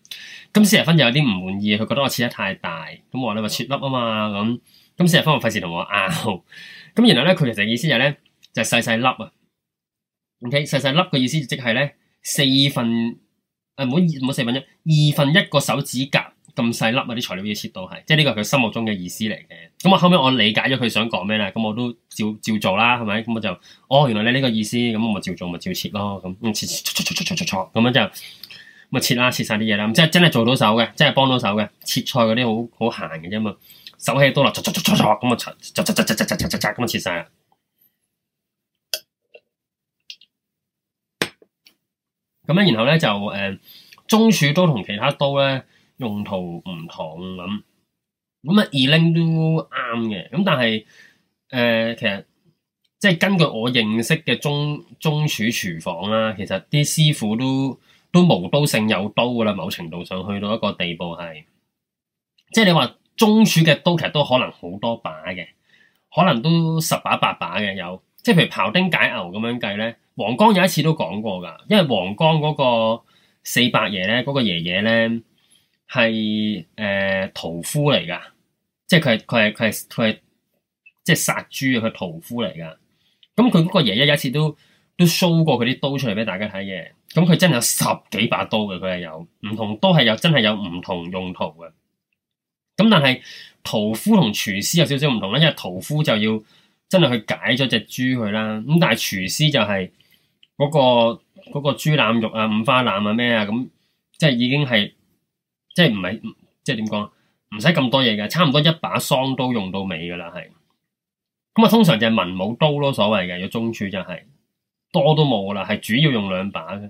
Speaker 1: 咁四十分又有啲唔滿意，佢覺得我切得太大。咁我話你咪切粒啊嘛。咁咁四十分我費事同我拗。咁原來咧佢其實意思就係咧就係細細粒啊。O.K. 細細粒嘅意思即係咧四分誒唔好二唔好四分啫，二分一個手指甲。咁細粒啊！啲材料要切到係，即係呢個佢心目中嘅意思嚟嘅。咁我、啊、後尾我理解咗佢想講咩啦，咁我都照照，照做啦，係咪？咁我就哦，原來你呢個意思，咁我咪照做咪照切咯。咁切切切切咁樣切啦，切晒啲嘢啦。咁即係真係做到手嘅，即係幫到手嘅。切菜嗰啲好好閒嘅啫嘛，手起刀落，咁咪切切切切切咁樣然後咧就誒、呃，中柱刀同其他刀咧。用途唔同咁咁啊，二拎都啱嘅咁。但係誒、呃，其實即係根據我認識嘅中中廚廚房啦，其實啲師傅都都無刀性有刀㗎喇，某程度上去到一個地步係，即係你話中廚嘅刀其實都可能好多把嘅，可能都十把八把嘅有，即係譬如庖丁解牛咁樣計咧。黃江有一次都講過㗎，因為黃江嗰個四伯爺咧，嗰個爺爺咧。係誒、呃、屠夫嚟㗎，即係佢係佢係佢係佢係即係殺豬啊！佢係屠夫嚟㗎，咁佢嗰個爺爺有一次都都 show 過佢啲刀出嚟俾大家睇嘅。咁佢真係有十幾把刀嘅，佢係有唔同刀係有真係有唔同用途嘅。咁但係屠夫同廚師有少少唔同啦，因為屠夫就要真係去解咗隻豬佢啦。咁但係廚師就係嗰、嗰個嗰、嗰個、豬腩肉啊、五花腩啊咩啊，咁即係已經係。即係唔係即係點講？唔使咁多嘢嘅，差唔多一把桑刀用到尾㗎喇。係咁啊，通常就係文武刀咯，所謂嘅。有中柱就係、是、多都冇嘅啦，係主要用兩把嘅。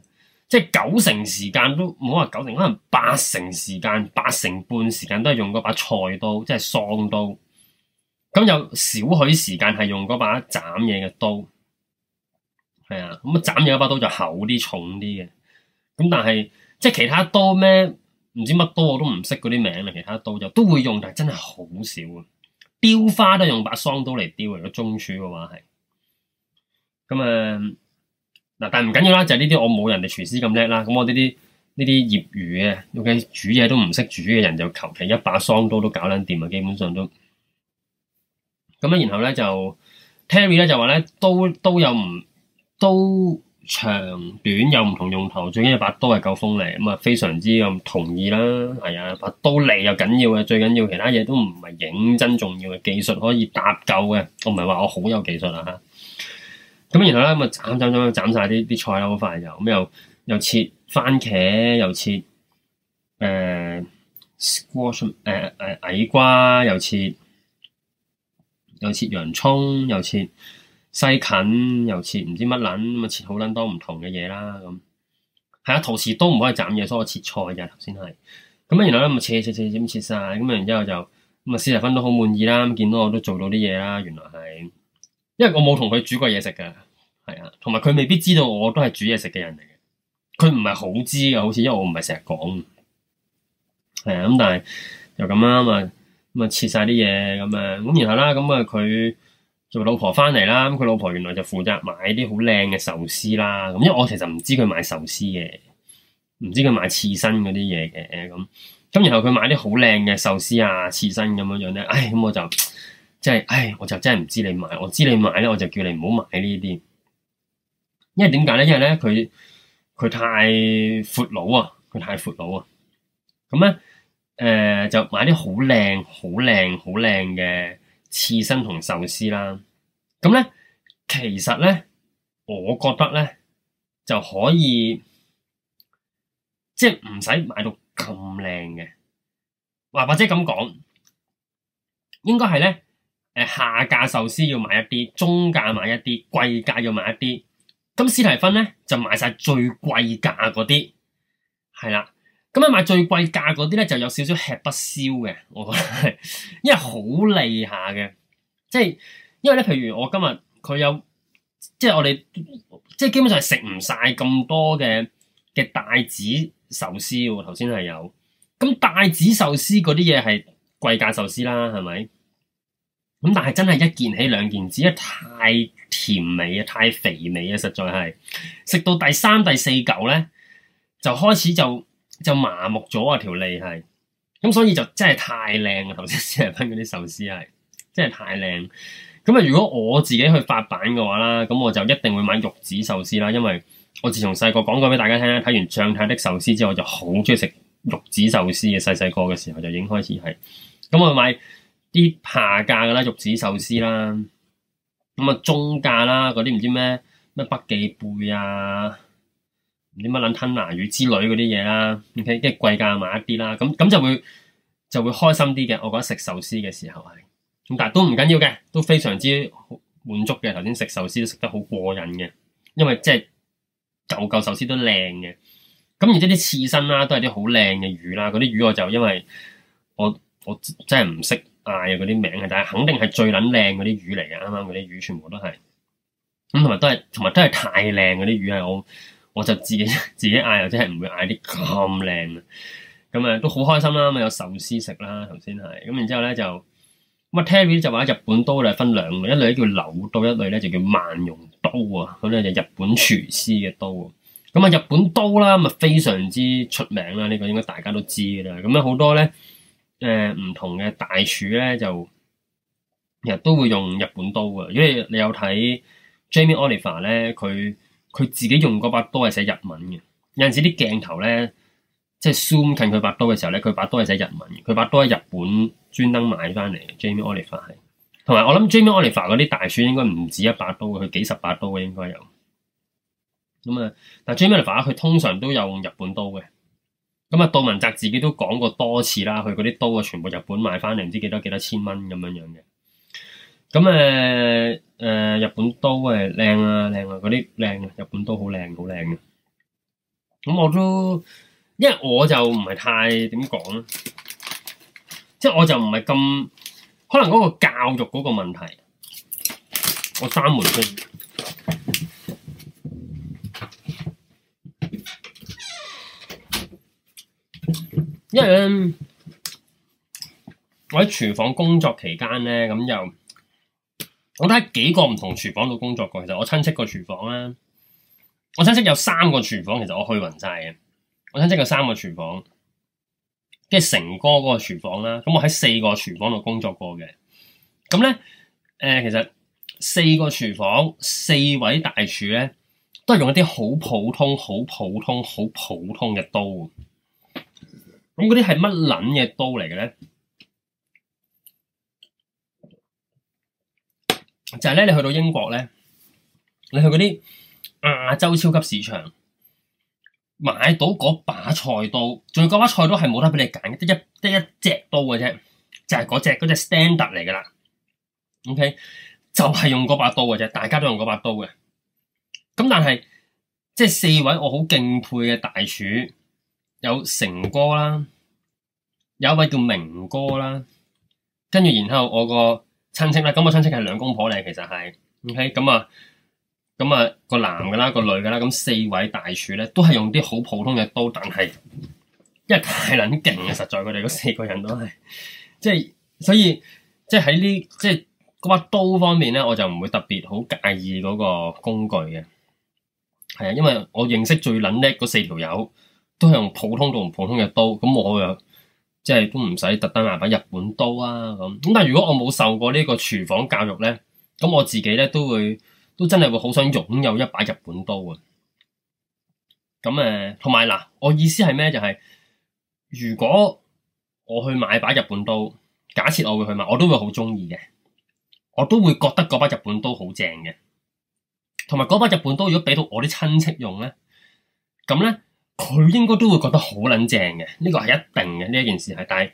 Speaker 1: 即係九成時間都冇話九成，可能八成時間、八成半時間都係用嗰把菜刀，即係桑刀。咁有少許時間係用嗰把斬嘢嘅刀，係啊。咁、嗯、啊，斬嘢嗰把刀就厚啲、重啲嘅。咁但係即係其他刀咩？唔知乜刀我都唔識嗰啲名啦，其他刀就都會用，但係真係好少啊！雕花都用把桑刀嚟雕，如果中廚嘅話係。咁啊，嗱，但係唔緊要啦，就係呢啲我冇人哋廚師咁叻啦。咁我呢啲呢啲業餘嘅，尤其煮嘢都唔識煮嘅人，就求其一把桑刀都搞捻掂啊！基本上都咁啊、嗯，然後咧就 Terry 咧就話咧，都都有唔都。長短有唔同用途，最緊要把刀係夠鋒利，咁啊非常之咁同意啦，係啊，把刀利又緊要嘅，最緊要其他嘢都唔係認真重要嘅，技術可以搭救嘅，我唔係話我好有技術啊吓。咁然後咧咁啊，斬斬斬斬晒啲啲菜啦，好快就，咁又又切番茄，又切誒誒誒矮瓜，又切又切洋葱，又切。細近西芹又切唔知乜捻咁啊，切好捻多唔同嘅嘢啦咁。係啊，陶瓷刀都唔可以斬嘢，所以我切菜嘅頭先係。咁啊，然後咧咪切切切咁切晒，咁啊，然之後就咁啊，四十分都好滿意啦。咁見到我都做到啲嘢啦，原來係，因為我冇同佢煮過嘢食嘅。係啊，同埋佢未必知道我都係煮嘢食嘅人嚟嘅。佢唔係好知嘅，好似因為我唔係成日講。係啊，咁但係就咁啱咁啊咁啊切晒啲嘢，咁啊咁然後啦，咁啊佢。做老婆翻嚟啦，咁佢老婆原來就負責買啲好靚嘅壽司啦，咁因為我其實唔知佢買壽司嘅，唔知佢買刺身嗰啲嘢嘅咁咁然後佢買啲好靚嘅壽司啊、刺身咁樣樣咧，唉，咁我就即係唉，我就真係唔知你買，我知你買咧，我就叫你唔好買呢啲，因為點解咧？因為咧佢佢太闊老啊，佢太闊老啊，咁咧誒就買啲好靚、好靚、好靚嘅刺身同壽司啦，咁咧其實咧，我覺得咧就可以，即係唔使買到咁靚嘅，或或者咁講，應該係咧，誒下價壽司要買一啲，中價買一啲，貴價要買一啲，咁史提芬咧就買晒最貴價嗰啲，係啦。咁啊，買最貴價嗰啲咧，就有少少吃不消嘅，我覺得係，因為好膩下嘅，即係因為咧，譬如我今日佢有，即係我哋，即係基本上係食唔晒咁多嘅嘅帶子壽司喎，頭先係有，咁帶子壽司嗰啲嘢係貴價壽司啦，係咪？咁但係真係一件起兩件起，因為太甜美啊，太肥美啊，實在係食到第三、第四嚿咧，就開始就～就麻木咗啊！條脷係，咁所以就真係太靚啊！頭先四十分嗰啲壽司係，真係太靚。咁啊，如果我自己去發版嘅話啦，咁我就一定會買玉子壽司啦，因為我自從細個講過俾大家聽啦，睇完《將太的壽司》之後，我就好中意食玉子壽司嘅。細細個嘅時候就已經開始係，咁我買啲下價㗎啦，玉子壽司啦，咁啊中價啦，嗰啲唔知咩咩北極貝啊。啲乜撚吞拿魚之類嗰啲嘢啦，OK，即係貴價買一啲啦，咁咁就會就會開心啲嘅。我覺得食壽司嘅時候係咁，但係都唔緊要嘅，都非常之滿足嘅。頭先食壽司都食得好過癮嘅，因為即係嚿嚿壽司都靚嘅。咁而且啲刺身啦，都係啲好靚嘅魚啦。嗰啲魚我就因為我我真係唔識嗌嗰啲名嘅，但係肯定係最撚靚嗰啲魚嚟嘅。啱啱嗰啲魚全部都係咁，同、嗯、埋都係同埋都係太靚嗰啲魚係我。我就自己自己嗌或者係唔會嗌啲咁靚，咁啊都好開心啦！咁有壽司食啦，頭先係咁，然之後咧就，Terry 咁就話日本刀咧分兩類，一類叫柳刀，一類咧就叫萬用刀啊。咁咧就日本廚師嘅刀，咁啊日本刀啦，咁啊非常之出名啦，呢個應該大家都知㗎啦。咁咧好多咧誒唔同嘅大廚咧就日都會用日本刀嘅，因為你有睇 Jamie Oliver 咧佢。佢自己用嗰把刀係寫日文嘅，有陣時啲鏡頭咧，即係 Zoom 近佢把刀嘅時候咧，佢把刀係寫日文嘅。佢把刀喺日本專登買翻嚟，Jamie Oliver 係。同埋我諗 Jamie Oliver 嗰啲大書應該唔止一把刀嘅，佢幾十把刀嘅應該有。咁、嗯、啊，但 Jamie Oliver 佢通常都有用日本刀嘅。咁、嗯、啊，杜汶澤自己都講過多次啦，佢嗰啲刀啊全部日本買翻嚟，唔知幾多幾多千蚊咁樣樣嘅。咁，誒、誒，日本刀，誒，靚啊，靚啊，嗰啲靚啊，日本刀好靚好靚嘅，咁我都因為我就唔係太點講咧，即係我就唔係咁，可能嗰個教育嗰個問題，我三門都，因為咧我喺廚房工作期間咧咁又。我睇幾個唔同廚房度工作過，其實我親戚個廚房啦，我親戚有三個廚房，其實我去匀晒嘅。我親戚有三個廚房，即係成哥嗰個廚房啦。咁我喺四個廚房度工作過嘅。咁咧，誒、呃，其實四個廚房四位大廚咧，都係用一啲好普通、好普通、好普通嘅刀。咁嗰啲係乜撚嘅刀嚟嘅咧？就係咧，你去到英國咧，你去嗰啲亞洲超級市場買到嗰把菜刀，仲要嗰把菜刀係冇得俾你揀嘅，得一得一隻刀嘅啫，就係、是、嗰隻嗰隻 standard 嚟噶啦。OK，就係用嗰把刀嘅啫，大家都用嗰把刀嘅。咁但係即係四位我好敬佩嘅大廚，有成哥啦，有一位叫明哥啦，跟住然後我個。親戚啦，咁我親戚係兩公婆嚟，其實係，OK，咁啊，咁啊個男嘅啦，個女嘅啦，咁四位大廚咧，都係用啲好普通嘅刀，但係因為太捻勁啊，實在佢哋嗰四個人都係，即係所以即係喺呢即係嗰把刀方面咧，我就唔會特別好介意嗰個工具嘅，係啊，因為我認識最捻叻嗰四條友，都係用普通到唔普通嘅刀，咁我嘅。即係都唔使特登買把日本刀啊，咁咁，但係如果我冇受過呢個廚房教育咧，咁我自己咧都會都真係會好想擁有一把日本刀啊！咁誒，同埋嗱，我意思係咩？就係如果我去買把日本刀，假設我會去買，我都會好中意嘅，我都會覺得嗰把日本刀好正嘅。同埋嗰把日本刀，如果俾到我啲親戚用咧，咁咧。佢應該都會覺得好撚正嘅，呢、這個係一定嘅，呢一件事係，但係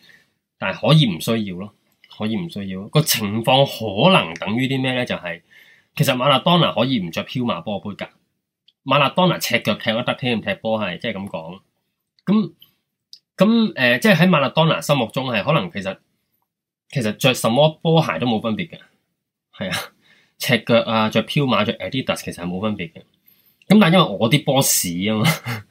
Speaker 1: 但係可以唔需要咯，可以唔需要咯。這個情況可能等於啲咩咧？就係、是、其實馬勒當拿可以唔着彪馬波杯噶，馬勒當拿赤腳踢都得添，踢波係即係咁講。咁咁誒，即係喺馬勒當拿心目中係可能其實其實着什麼波鞋都冇分別嘅，係啊，赤腳啊，着彪馬、着 Adidas 其實係冇分別嘅。咁但係因為我啲 boss 啊嘛。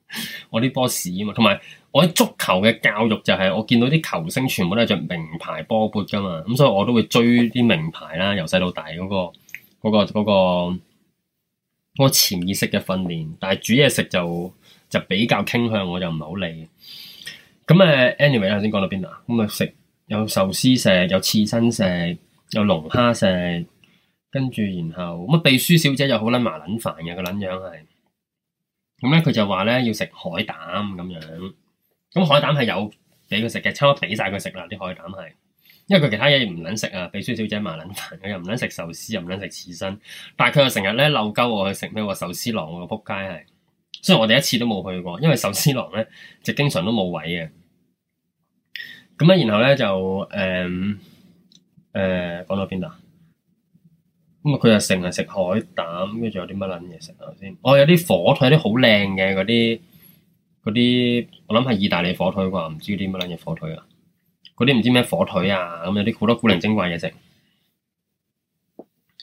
Speaker 1: 我啲波士啊嘛，同埋我喺足球嘅教育就係我見到啲球星全部都係着名牌波勃噶嘛，咁所以我都會追啲名牌啦。由細到大嗰個、嗰個、嗰個，潛意識嘅訓練。但係煮嘢食就就比較傾向，我就唔係好理。咁誒，anyway 啦，頭先講到邊啦。咁啊，食有壽司食，有刺身食，有龍蝦食，跟住然後乜秘書小姐又好捻麻捻煩嘅個捻樣係。咁咧，佢、嗯、就話咧要食海膽咁樣。咁、嗯、海膽係有俾佢食嘅，差唔多俾曬佢食啦啲海膽係。因為佢其他嘢唔撚食啊，秘書小姐麻撚煩，佢又唔撚食壽司，又唔撚食刺身。但係佢又成日咧漏鳩我去食咩喎？壽司郎喎，仆街係。雖然我哋一次都冇去過，因為壽司郎咧就經常都冇位嘅。咁咧，然後咧就誒誒、嗯嗯嗯、講到邊度？咁啊，佢又成日食海膽，跟住仲有啲乜撚嘢食啊？頭先，哦，有啲火腿，有啲好靚嘅嗰啲嗰啲，我諗係意大利火腿啩，唔知啲乜撚嘢火腿啊？嗰啲唔知咩火腿啊？咁有啲好多古靈精怪嘢食，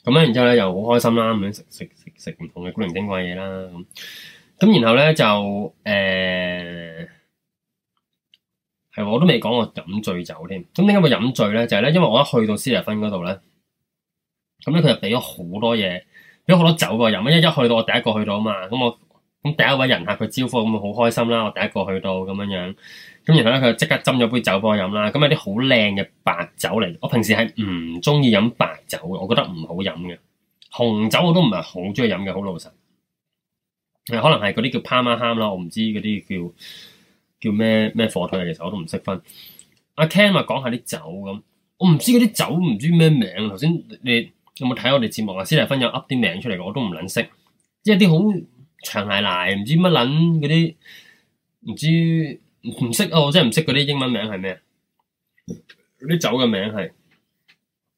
Speaker 1: 咁咧，然之後咧又好開心啦，咁樣食食食食唔同嘅古靈精怪嘢啦，咁咁然後咧就誒係、呃、我都未講過飲醉酒添。咁點解會飲醉咧？就係、是、咧，因為我一去到史提芬嗰度咧。咁咧，佢、嗯、就俾咗好多嘢，俾咗好多酒俾我飲。因為一去到我第一個去到啊嘛，咁我咁第一位人客佢招呼我，咁好開心啦。我第一個去到咁樣樣，咁然後咧佢就即刻斟咗杯酒幫我飲啦。咁有啲好靚嘅白酒嚟，我平時係唔中意飲白酒嘅，我覺得唔好飲嘅。紅酒我都唔係好中意飲嘅，好老實。嗯、可能係嗰啲叫 Parma ham 啦，我唔知嗰啲叫叫咩咩火腿啊，其實我都唔識分。阿 Ken 啊，講下啲酒咁，我唔知嗰啲酒唔知咩名。頭先你，有冇睇我哋節目啊？斯蒂芬有噏啲名出嚟嘅，我都唔撚識，即係啲好長賴賴，唔知乜撚嗰啲，唔知唔識啊、哦！我真係唔識嗰啲英文名係咩啊？嗰啲酒嘅名係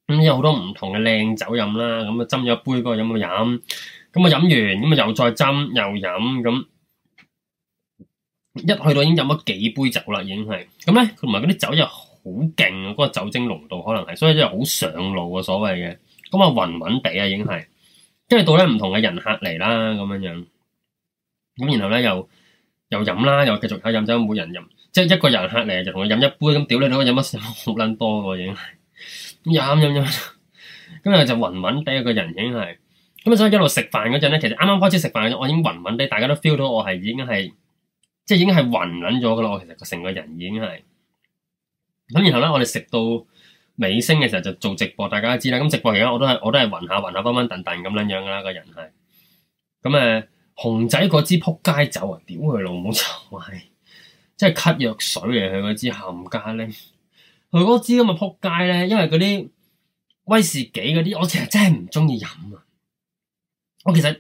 Speaker 1: 咁、嗯、有好多唔同嘅靚酒飲啦。咁啊斟咗一杯嗰個飲，咁啊飲完咁啊又再斟又飲咁，一去到已經飲咗幾杯酒啦，已經係咁咧。同埋嗰啲酒又好勁，嗰、嗰個酒精濃度可能係，所以真係好上路啊，所謂嘅。咁啊，暈暈地啊，已經係，跟住到咧唔同嘅人客嚟啦，咁樣樣，咁然後咧又又飲啦，又繼續喺度飲，即係每人飲，即係一個人客嚟就同佢飲一杯，咁屌你都飲乜，飲好撚多嘅已經，啱飲飲，咁啊就一剛剛暈暈地啊個人已經係，咁啊所以一路食飯嗰陣咧，其實啱啱開始食飯，我已經暈暈地，大家都 feel 到我係已經係，即係已經係暈撚咗嘅啦，我其實成個人已經係，咁然後咧我哋食到。尾聲嘅時候就做直播，大家知啦。咁直播而家我都係我都係暈下暈下，昏昏頓頓咁樣樣噶啦，個人係。咁誒熊仔嗰支撲街酒啊，屌佢老母臭閪！真係咳藥水嚟，佢嗰支冚家拎。佢嗰支咁嘅撲街咧，因為嗰啲威士忌嗰啲，我其實真係唔中意飲啊。我其實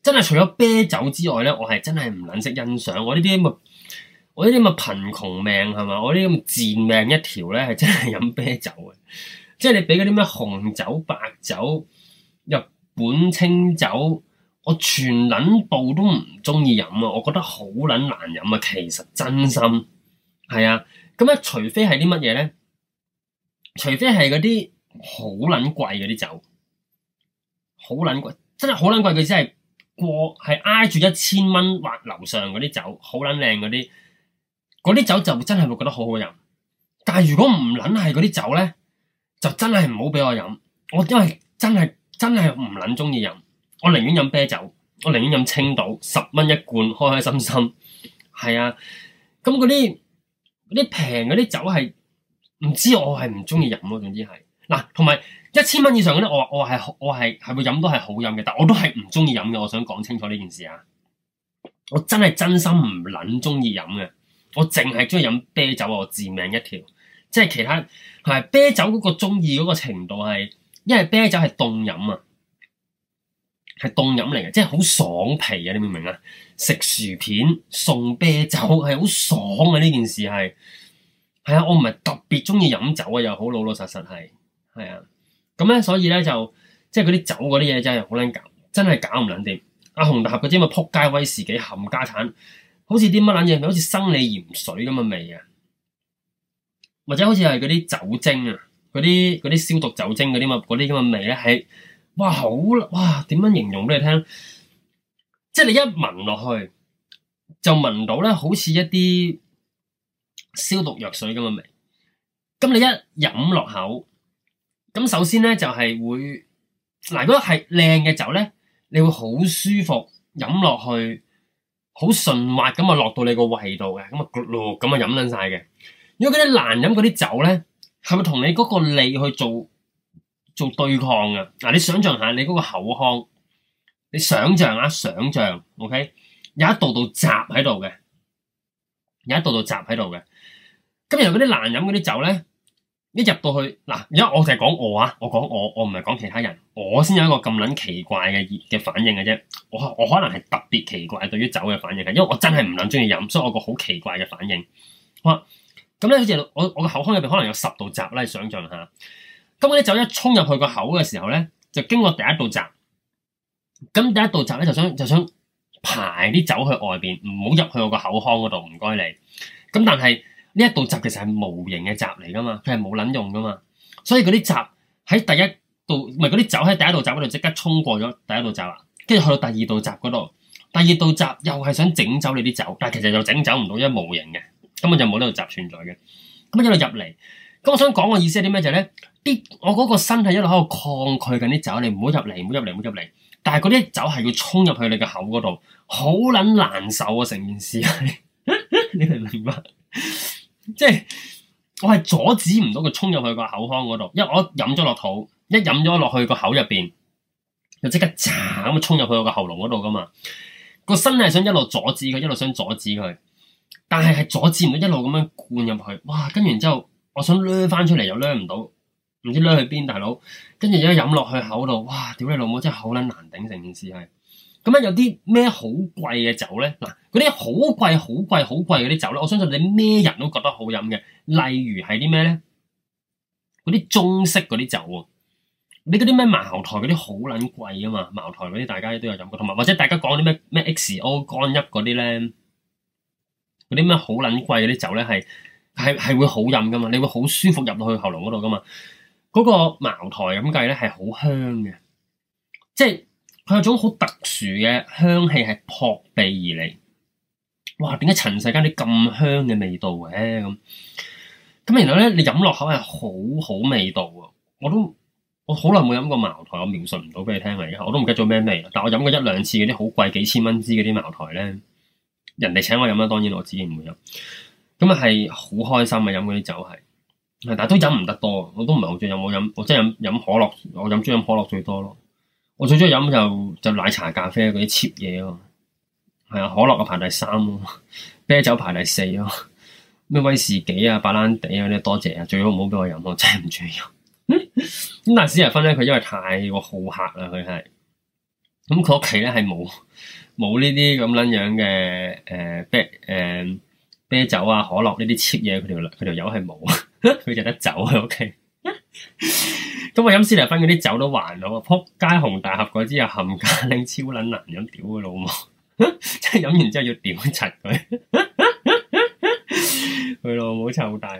Speaker 1: 真係除咗啤酒之外咧，我係真係唔撚識欣賞我呢啲咁嘅。我呢啲咁嘅貧窮命係嘛？我呢啲咁賤命一條咧，係真係飲啤酒嘅。即係你俾嗰啲咩紅酒、白酒、日本清酒，我全撚部都唔中意飲啊！我覺得好撚難飲啊！其實真心係啊。咁咧，除非係啲乜嘢咧？除非係嗰啲好撚貴嗰啲酒，好撚貴，真係好撚貴只。佢真係過係挨住一千蚊或樓上嗰啲酒，好撚靚嗰啲。嗰啲酒就真係會覺得好好飲，但係如果唔捻係嗰啲酒咧，就真係唔好俾我飲。我因為真係真係唔捻中意飲，我寧願飲啤酒，我寧願飲青島十蚊一罐，開開心心。係啊，咁嗰啲嗰啲平嗰啲酒係唔知我係唔中意飲咯，總之係嗱，同埋一千蚊以上咧，我我係我係係會飲都係好飲嘅，但我都係唔中意飲嘅。我想講清楚呢件事啊，我真係真心唔捻中意飲嘅。我淨係中意飲啤酒啊！我自命一條，即係其他係啤酒嗰個中意嗰個程度係，因為啤酒係凍飲啊，係凍飲嚟嘅，即係好爽皮啊！你明唔明啊？食薯片送啤酒係好爽啊！呢件事係係啊，我唔係特別中意飲酒啊，又好老老實實係係啊，咁咧所以咧就即係嗰啲酒嗰啲嘢真係好捻搞，真係搞唔捻掂。阿紅達嘅啫嘛，撲街威士忌冚家鏟。好似啲乜撚嘢，咪好似生理鹽水咁嘅味啊，或者好似係嗰啲酒精啊，嗰啲嗰啲消毒酒精嗰啲嘛，嗰啲咁嘅味咧。係哇好哇，點樣形容俾你聽？即係你一聞落去，就聞到咧，好似一啲消毒藥水咁嘅味。咁你一飲落口，咁首先咧就係會嗱，如果係靚嘅酒咧，你會好舒服飲落去。好順滑咁啊，落到你個胃度嘅，咁啊咕嚕咁啊飲撚晒嘅。如果嗰啲難飲嗰啲酒咧，係咪同你嗰個脷去做做對抗啊？嗱，你想象下你嗰個口腔，你想象啊，想象，OK，有一道道閘喺度嘅，有一道道閘喺度嘅。今日嗰啲難飲嗰啲酒咧。一入到去嗱，而家我就係講我啊，我講我，我唔係講其他人，我先有一個咁捻奇怪嘅嘅反應嘅啫。我我可能係特別奇怪對於酒嘅反應，因為我真係唔捻中意飲，所以我個好奇怪嘅反應。哇！咁咧好似我我個口腔入邊可能有十道閘啦，你想象下。咁我啲酒一衝入去個口嘅時候咧，就經過第一道閘。咁、嗯、第一道閘咧就想就想排啲酒去外邊，唔好入去我個口腔嗰度，唔該你。咁、嗯、但係。呢一道閘其實係無形嘅閘嚟噶嘛，佢係冇撚用噶嘛，所以嗰啲閘喺第一道，唔係嗰啲酒喺第一道閘嗰度即刻衝過咗第一道閘啦，跟住去到第二道閘嗰度，第二道閘又係想整走你啲酒，但係其實又整走唔到，因為無形嘅，根本就冇呢度閘存在嘅，咁一路入嚟，咁我想講嘅意思係啲咩就係咧，啲我嗰個身體一路喺度抗拒緊啲酒，你唔好入嚟，唔好入嚟，唔好入嚟，但係嗰啲酒係要衝入去你個口嗰度，好撚難受啊！成件事，你明唔明白？即係我係阻止唔到佢衝入去個口腔嗰度，因為我飲咗落肚，一飲咗落去個口入邊，就即刻渣咁樣衝入去我個喉嚨嗰度噶嘛。個身係想一路阻止佢，一路想阻止佢，但係係阻止唔到一路咁樣灌入去。哇！跟完之後，我想掠翻出嚟又掠唔到，唔知掠去邊大佬。跟住一飲落去口度，哇！屌你老母，真係好捻難頂，成件事係。咁樣有啲咩好貴嘅酒咧？嗱，嗰啲好貴、好貴、好貴嗰啲酒咧，我相信你咩人都覺得好飲嘅。例如係啲咩咧？嗰啲中式嗰啲酒喎，你嗰啲咩茅台嗰啲好撚貴啊嘛！茅台嗰啲大家都有飲過，同埋或者大家講啲咩咩 XO 干邑嗰啲咧，嗰啲咩好撚貴嗰啲酒咧，係係係會好飲㗎嘛？你會好舒服入到去喉嚨嗰度㗎嘛？嗰個茅台咁計咧係好香嘅，即係。佢有種好特殊嘅香氣，係撲鼻而嚟。哇！點解塵世間啲咁香嘅味道嘅咁？咁然後咧，你飲落口係好好味道啊！我都我好耐冇飲過茅台，我描述唔到俾你聽嚟。我都唔記得咗咩味，但我飲過一兩次嗰啲好貴，幾千蚊支嗰啲茅台咧，人哋請我飲啦，當然我自己唔會飲。咁啊係好開心啊飲嗰啲酒係，但係都飲唔得多。我都唔係好中意飲，我飲我真係飲飲可樂，我飲中飲可樂最多咯。我最中意飲就就奶茶、咖啡嗰啲 cheap 嘢咯，係啊，啊，可樂啊排第三咯，啊，啤酒排第四咯，啊，咩威士忌啊、白蘭地啊啲多謝啊，最好唔好俾我飲，我真係唔中意飲。咁、嗯、但係史達芬咧，佢因為太過好客啦，佢係，咁佢屋企咧係冇冇呢啲咁撚樣嘅誒啤誒啤酒啊、可樂呢啲 cheap 嘢，佢條佢條友係冇，佢 就得酒喺屋企。Okay? 咁我飲斯尼芬嗰啲酒都還好啊，扑街紅大盒嗰支啊，冚家喱超撚難飲，屌個老母！即係飲完之後要屌柒佢，佢老母臭大。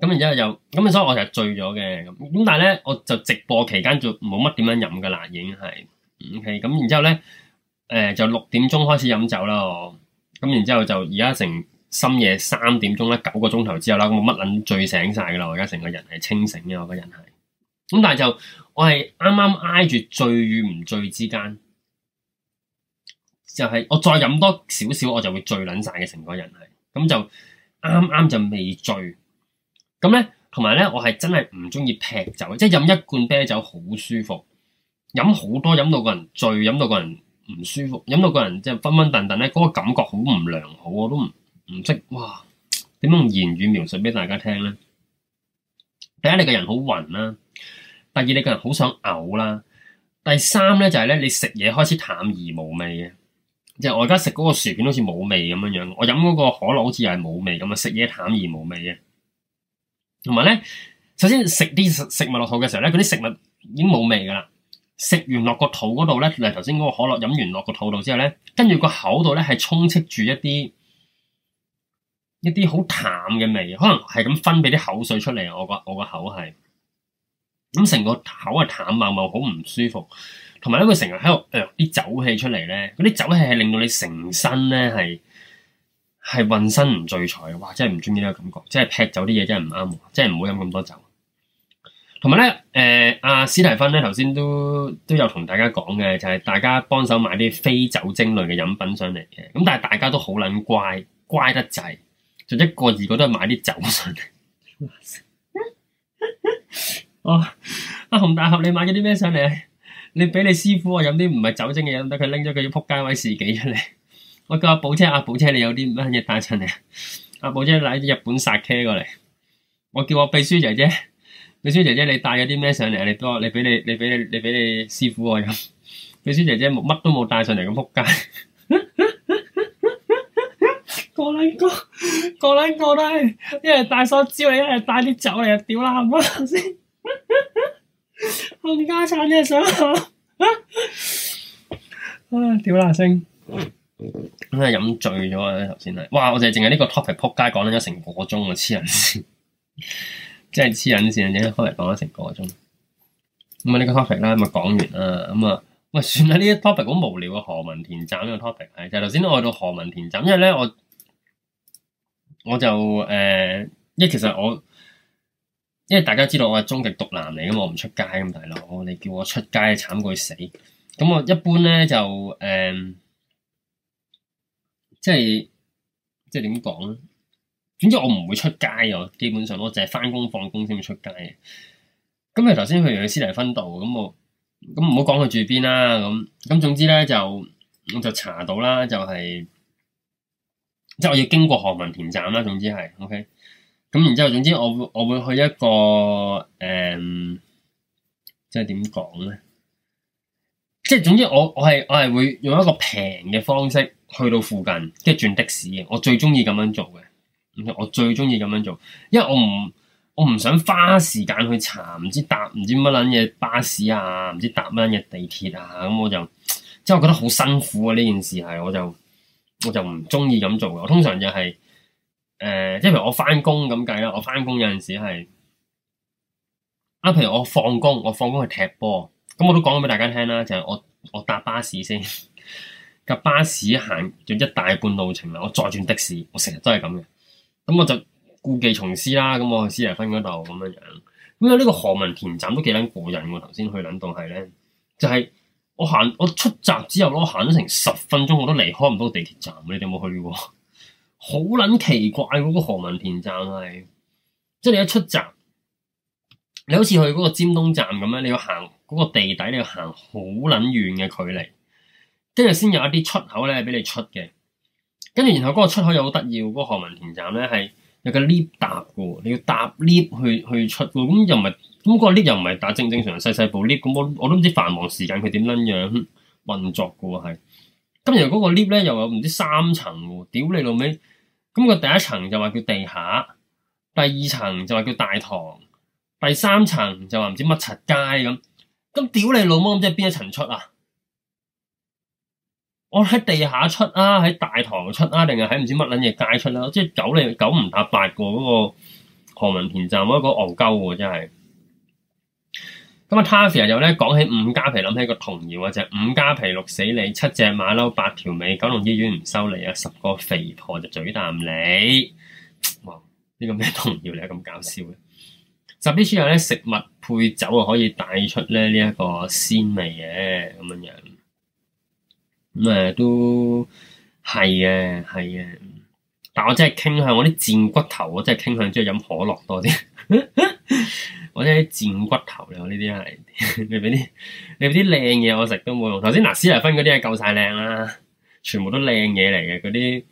Speaker 1: 咁 然之後又咁所以我就醉咗嘅咁。咁但係咧，我就直播期間就冇乜點樣飲噶啦，已經係 OK。咁、嗯嗯、然之後咧，誒、呃、就六點鐘開始飲酒啦，我咁然之後就而家成。深夜三點鐘咧，九個鐘頭之後啦，咁我乜撚醉醒晒噶啦？我而家成個人係清醒嘅，我個人係咁。但係就我係啱啱挨住醉與唔醉之間，就係我再飲多少少，我就會醉撚晒嘅，成個人係咁，就啱啱就未醉咁咧。同埋咧，我係真係唔中意劈酒，即係飲一罐啤酒好舒服，飲好多飲到個人醉，飲到個人唔舒服，飲到個人即係昏昏沌沌咧，嗰個感覺好唔良好，我都唔。唔識哇，點樣用言語描述俾大家聽咧？第一，你個人好暈啦；第二，你個人好想嘔啦；第三咧就係咧，你食嘢開始淡而無味嘅，即係我而家食嗰個薯片好似冇味咁樣樣，我飲嗰個可樂好似又係冇味咁樣，食嘢淡而無味嘅，同埋咧，首先食啲食物落肚嘅時候咧，嗰啲食物已經冇味噶啦。食完落個肚嗰度咧，例如頭先嗰個可樂飲完落個肚度之後咧，跟住個口度咧係充斥住一啲。一啲好淡嘅味，可能係咁分泌啲口水出嚟。我個我個口係咁，成個口係淡茂茂，好唔舒服。同埋咧佢成日喺度釁啲酒氣出嚟咧，嗰啲酒氣係令到你成身咧係係渾身唔聚財嘅。哇！真係唔中意呢個感覺，即係劈酒啲嘢真係唔啱，即係唔好飲咁多酒。同埋咧，誒阿史提芬咧頭先都都有同大家講嘅，就係大家幫手買啲非酒精類嘅飲品上嚟嘅。咁但係大家都好撚乖乖得滯。就一個二個都係買啲酒上嚟。哦，阿洪大俠，你買咗啲咩上嚟啊？你俾你師傅我飲啲唔係酒精嘅飲得，佢拎咗佢啲撲街威士忌出嚟。我叫阿寶車，阿寶車你有啲乜嘢帶上嚟啊？阿寶車攋啲日本殺車過嚟。我叫我秘書姐姐，秘書姐姐你帶咗啲咩上嚟啊？你多，你俾你，你俾你，你俾你師傅我飲。秘書姐姐冇乜都冇帶上嚟，咁撲街。過捻過是是，過捻過都係，一係帶所蕉嚟，一係帶啲酒嚟，屌爛啦先，冚家鏟嘅想吓，唉，屌爛聲，真係飲醉咗啊！頭先係，哇， 我哋淨係呢個 topic 仆街講咗成個鐘啊，黐人線，即係黐人線啫，開嚟講咗成個鐘。咁啊呢個 topic 啦，咁啊講完啦，咁啊，喂，算啦，呢個 topic 好無聊啊，何文田站呢個 topic 係，就頭先我去到何文田站，因為咧我。我就誒，因、呃、為，其實我，因為大家知道我係終極毒男嚟，嘛，我唔出街，咁大佬，你叫我出街慘過死。咁我一般咧就誒、呃，即係即係點講咧？總之我唔會出街，啊，基本上我淨係返工放工先會出街嘅。咁佢頭先去咗斯聊芬道，咁我，咁唔好講佢住邊啦咁。咁總之咧就我就查到啦，就係、是。即係我要經過何文田站啦，總之係，OK。咁然之後，總之我會我會去一個誒、呃，即係點講咧？即係總之我我係我係會用一個平嘅方式去到附近，即係轉的士嘅。我最中意咁樣做嘅，我最中意咁樣做，因為我唔我唔想花時間去查，唔知搭唔知乜撚嘢巴士啊，唔知搭乜撚嘢地鐵啊，咁我就即係我覺得好辛苦啊！呢件事係我就。我就唔中意咁做嘅，我通常就係誒，即係譬如我翻工咁計啦，我翻工有陣時係啊，譬如我放工，我放工去踢波，咁我都講咗俾大家聽啦，就係、是、我我搭巴士先，搭 巴士行就一大半路程啦，我再轉的士，我成日都係咁嘅，咁我就故技重施啦，咁我去斯尼芬嗰度咁樣樣，咁啊呢個何文田站都幾撚過癮喎，頭先去諗到係咧，就係、是。我行我出閘之後咯，行咗成十分鐘，我都離開唔到地鐵站。你哋有冇去過？好 捻奇怪嗰個何文田站係，即係你一出閘，你好似去嗰個尖東站咁樣，你要行嗰個地底，你要行好捻遠嘅距離，跟住先有一啲出口咧俾你出嘅。跟住然後嗰個出口又好得意，嗰個何文田站咧係有個 lift 搭㗎，你要搭 lift 去去出嘅，咁又唔係？咁個 lift 又唔係打正正常細細部 lift，咁我我都唔知繁忙時間佢點撚樣運作嘅喎。係今日嗰個 lift 咧，又有唔知三層喎。屌你老味，咁個第一層就話叫地下，第二層就話叫大堂，第三層就話唔知乜柒街咁。咁屌你老母，咁即係邊一層出啊？我喺地下出啊，喺大堂出啊，定係喺唔知乜撚嘢街出啦。即係九你九唔搭八喎，嗰個何文田站嗰個戇鳩喎，真係～咁啊，Taffy 又咧講起五加皮，諗起個童謠啊，就係五加皮，六死你，七隻馬騮八條尾，九龍醫院唔收你啊，十個肥婆就嘴啖你。哇！呢個咩童謠嚟啊？咁搞笑嘅。十甚至有咧食物配酒啊，可以帶出咧呢一個鮮味嘅咁樣樣。咁啊，都係啊，係啊。但我真係傾向我啲賤骨頭，我真係傾向中意飲可樂多啲。啊啊啊啊我啲賤骨頭嘅，呢啲係你俾啲你俾啲靚嘢我食都冇用。頭先嗱，斯尼芬嗰啲係夠晒靚啦，全部都靚嘢嚟嘅，嗰啲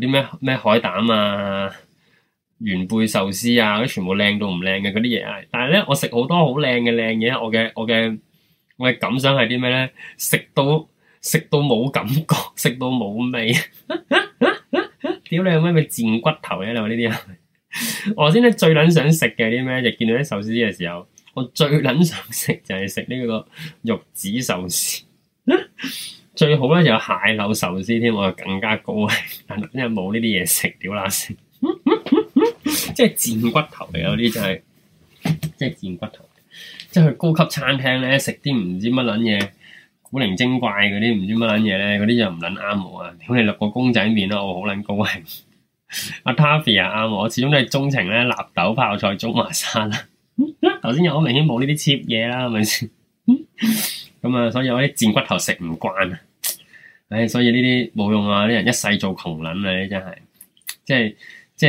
Speaker 1: 啲咩咩海膽啊、原貝壽司啊，啲全部靚到唔靚嘅嗰啲嘢。但係咧，我食好多好靚嘅靚嘢，我嘅我嘅我嘅感想係啲咩咧？食到食到冇感覺，食到冇味，屌你，有咩味賤骨頭咧你話？呢啲啊！我先咧最捻想食嘅啲咩？就見到啲壽司嘅時候，我最捻想食就係食呢個玉子壽司， 最好咧有蟹柳壽司添，我就更加高興。 但係因為冇呢啲嘢食，屌乸食，即係賤骨頭嘅有啲就係，即係賤骨頭，即係去高級餐廳咧食啲唔知乜捻嘢，古靈精怪嗰啲唔知乜捻嘢咧，嗰啲就唔捻啱我啊！屌你落個公仔麵啦，我好捻高興。阿 Taffy 啱我，我始終都係鍾情咧納豆泡菜中華山啦。頭先好明顯冇呢啲 cheap 嘢啦，係咪先？咁 啊、 嗯，所以我啲賤骨頭食唔慣啊。唉、哎，所以呢啲冇用啊，啲人一世做窮撚啊，啊，啊，真係，即係即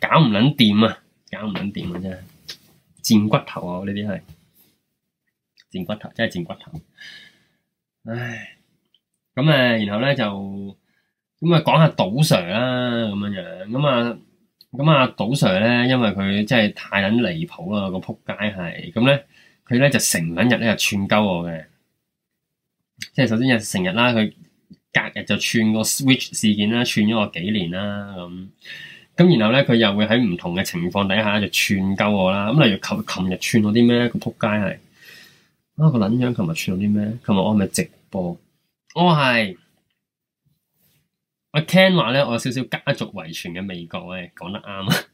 Speaker 1: 係搞唔捻掂啊，搞唔捻掂啊，真係賤骨頭啊，我呢啲係賤骨頭，真係賤骨頭。唉，咁、嗯、啊、嗯，然後咧就。咁、嗯、啊，講下賭 Sir 啦，咁樣樣，咁啊，咁啊，賭 Sir 咧，因為佢真係太捻離譜啦，個撲街係，咁咧，佢咧就成日咧就串鳩我嘅。即係首先就成日啦，佢隔日就串個 switch 事件啦，串咗我幾年啦，咁，咁然後咧，佢又會喺唔同嘅情況底下就串鳩我，我啦，咁例如琴琴日串我啲咩，個撲街係，啊個捻樣，琴日串我啲咩？琴日我係咪直播，我係。我 Ken 話咧，我有少少家族遺傳嘅味覺，喂，講得啱啊，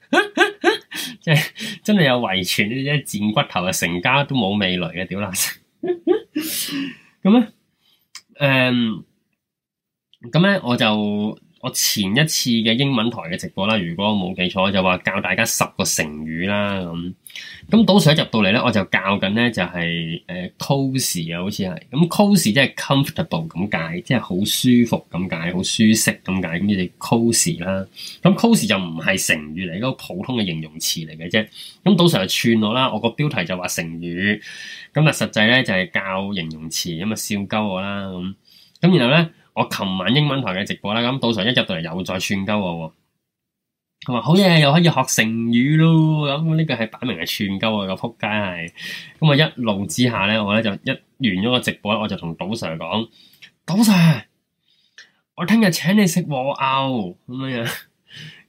Speaker 1: 即係真係有遺傳呢啲賤骨頭啊，成家都冇味蕾嘅屌乸，咁咧，誒， 咁、嗯、咧我就。我前一次嘅英文台嘅直播啦，如果我冇記錯就話教大家十個成語啦咁。咁早上一入到嚟咧，我就教緊咧就係誒 cos 啊，呃、cos，好似係咁 cos 即係 comfortable 咁解，即係好舒服咁解，好舒適咁解，咁就 cos 啦。咁 cos 就唔係成語嚟，一個普通嘅形容詞嚟嘅啫。咁早上就串我啦，我個標題就話成語，咁啊實際咧就係、是、教形容詞，咁啊笑鳩我啦咁。咁然後咧。我琴晚英文台嘅直播啦，咁賭 Sir 一入到嚟又再串鳩我，佢話好嘢，又可以學成語咯，咁呢個係擺明係串鳩我個仆街係，咁啊一怒之下咧，我咧就一完咗個直播我就同賭 Sir 講， 賭 Sir，我聽日請你食和牛咁樣，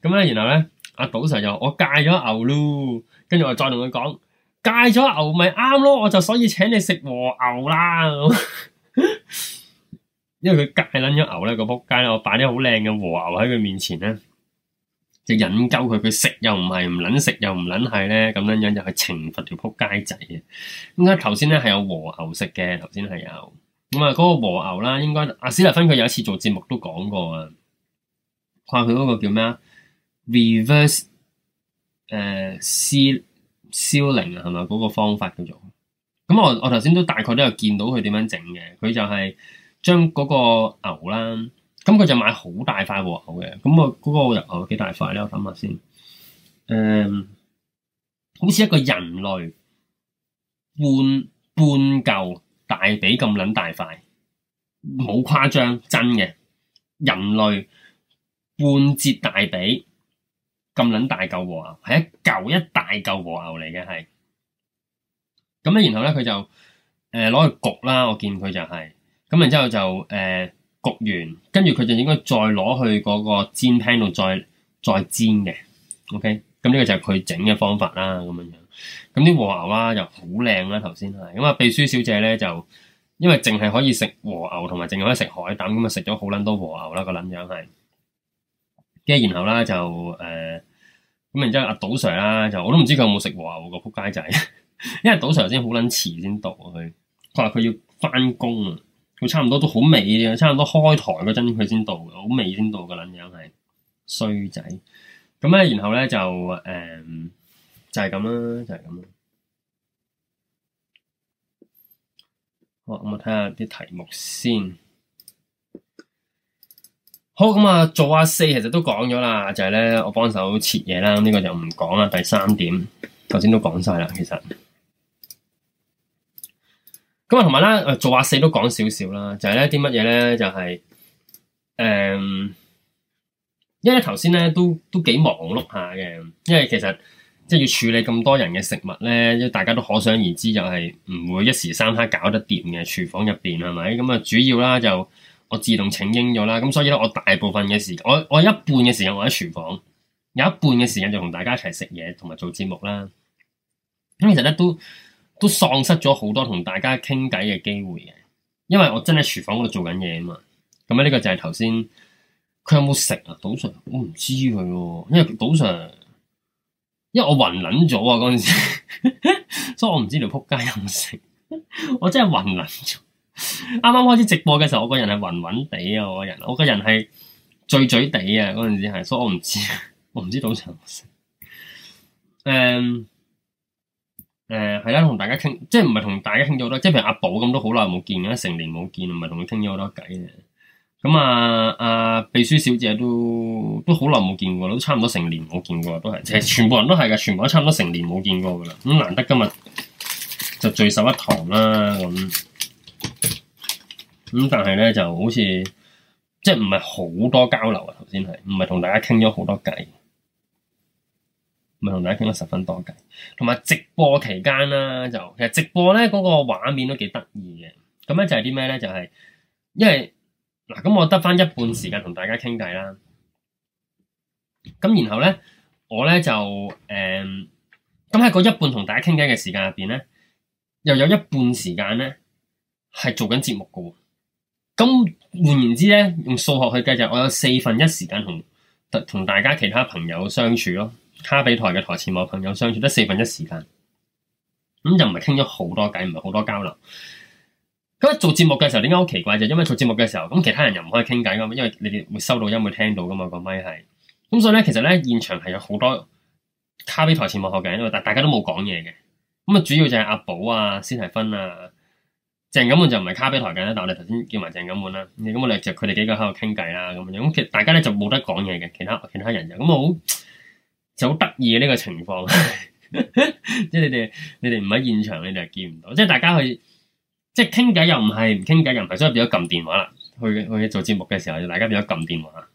Speaker 1: 咁咧然後咧阿賭 Sir 就話我戒咗牛囉，跟住我再同佢講戒咗牛咪啱咯，我就所以請你食和牛啦。 因為佢戒捻咗牛咧，個仆街我擺啲好靚嘅和牛喺佢面前咧，就引誘佢。佢食又唔係，唔捻食又唔捻係咧，咁樣樣就去懲罰條仆街仔嘅。咁解，頭先咧係有和牛食嘅，頭先係有咁啊。嗰、嗯個和牛啦，應該阿史立芬佢有一次做節目都講過啊，話佢嗰個叫咩啊？Reverse 誒，Searing 啊，係咪嗰個方法叫做咁。我我頭先都大概都有見到佢點樣整嘅，佢就係、是。將嗰個牛啦，咁佢就買好大塊和牛嘅，咁我嗰個和牛幾大塊咧？我諗下先，誒，好似一個人類半半舊大髀咁捻大塊，冇誇張，真嘅，人類半截大髀咁捻大舊和牛，係一舊一大舊和牛嚟嘅，係。咁咧，然後咧，佢就誒攞去焗啦。我見佢就係。咁然之後就誒、呃、焗完，跟住佢就應該再攞去嗰個煎廳度再再煎嘅，OK？咁呢個就係佢整嘅方法啦，咁樣。咁啲和牛啦又好靚啦，頭先係。咁啊秘書小姐咧就因為淨係可以食和牛同埋淨係可以食海膽，咁啊食咗好撚多和牛啦，個撚樣係。跟住然後啦就誒，咁然之後阿賭 Sir 啦就我都唔知佢有冇食和牛個撲街仔，因為賭 Sir 頭先好撚遲先讀佢，佢話佢要翻工啊。佢差唔多都好尾啊，差唔多開台嗰陣佢先到，好尾先到嘅撚樣係衰仔。咁咧，然後咧就誒，就係咁啦，就係咁啦。好，我睇下啲題目先。好，咁啊，做呀四，其實都講咗啦，就係咧，我幫手切嘢啦，呢個就唔講啦。第三點，頭先都講晒啦，其實。咁啊，同埋啦，做阿四都講少少啦，就係咧啲乜嘢咧，就係、是、誒、嗯，因為頭先咧都都幾忙碌下嘅，因為其實即係要處理咁多人嘅食物咧，大家都可想而知，就係唔會一時三刻搞得掂嘅。廚房入邊係咪？咁啊、嗯，主要啦就我自動請纓咗啦，咁所以咧我大部分嘅時間，我我一半嘅時間我喺廚房，有一半嘅時間就同大家一齊食嘢，同埋做節目啦。咁其實咧都。都喪失咗好多同大家傾偈嘅機會嘅，因為我真係廚房嗰度做緊嘢啊嘛。咁啊，呢個就係頭先佢有冇食啊？早上我唔知佢喎、哦，因為早上因為我暈撚咗啊嗰陣時， 所以我唔知你撲街有冇食。 我真係暈撚咗。啱 啱開始直播嘅時候，我個人係暈暈地啊，我個人，我個人係醉醉地啊嗰陣時係，所以我唔知 我唔知早上有冇食。誒、 um。誒係啦，同、呃、大家傾，即係唔係同大家傾咗好多？即係譬如阿寶咁，都好耐冇見啦，成年冇見，唔係同佢傾咗好多偈嘅。咁、嗯、啊，阿秘書小姐都都好耐冇見過，都差唔多成年冇見過，都係，即係全部人都係㗎，全部都差唔多成年冇見過㗎啦。咁、嗯、難得今日就聚首一堂啦，咁咁、嗯，但係咧就好似即係唔係好多交流啊？頭先係唔係同大家傾咗好多偈？咪同大家傾得十分多偈，同埋直播期間啦，就其實直播咧嗰個畫面都幾得意嘅。咁咧就係啲咩咧？就係因為嗱，咁我得翻一半時間同大家傾偈啦。咁然後咧，我咧就誒，咁喺嗰一半同大家傾偈嘅時間入邊咧，又有一半時間咧係做緊節目噶咁換言之咧，用數學去計就，我有四分一時間同同大家其他朋友相處咯。咖啡台嘅台前幕嘅朋友相處得四分一時間，咁就唔係傾咗好多偈，唔係好多交流。咁做節目嘅時候，點解好奇怪就因為做節目嘅時候，咁其他人又唔可以傾偈噶嘛，因為你哋會收到音會聽到噶嘛個咪係。咁所以咧，其實咧現場係有好多咖啡台前幕後嘅，因為大大家都冇講嘢嘅。咁啊，主要就係阿寶啊、史提芬啊、鄭錦滿就唔係咖啡台嘅，但係我哋頭先叫埋鄭錦滿啦。咁我哋就佢哋幾個喺度傾偈啦咁。咁其實大家咧就冇得講嘢嘅，其他其他人就咁我好。就好得意嘅呢個情況， 即係你哋你哋唔喺現場，你哋係見唔到。即係大家去，即係傾偈又唔係，唔傾偈又唔係，所以變咗撳電話啦。去去做節目嘅時候，大家變咗撳電話。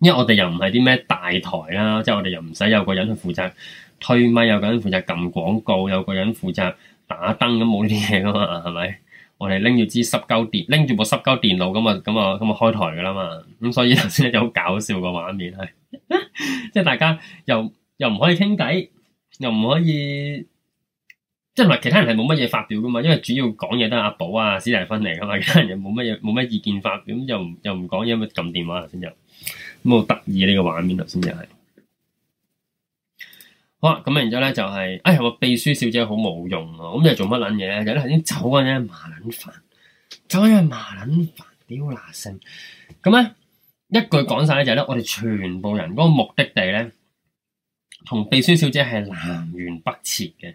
Speaker 1: 因為我哋又唔係啲咩大台啦，即係我哋又唔使有個人去負責推咪，有個人負責撳廣告，有個人負責打燈咁冇呢啲嘢噶嘛，係咪？我哋拎住支濕鳩電，拎住部濕鳩電腦咁啊咁啊咁啊開台噶啦嘛。咁所以頭先有好搞笑個畫面係。 即係大家又又唔可以傾偈，又唔可以即係其他人係冇乜嘢發表噶嘛，因為主要講嘢都係阿寶啊、史提芬嚟噶嘛，其他人又冇乜嘢冇乜意見發表，又又唔講嘢，咪撳電話。頭先就咁好得意呢個畫面頭先就係好啦，咁啊，然之後咧就係啊，我秘書小姐好冇用哦，啊，咁你做乜撚嘢？有啲頭先走嗰陣麻撚煩，走嗰陣麻撚煩，屌嗱聲咁啊！一句講晒咧就係咧，我哋全部人嗰個目的地咧，同秘書小姐係南轅北轍嘅。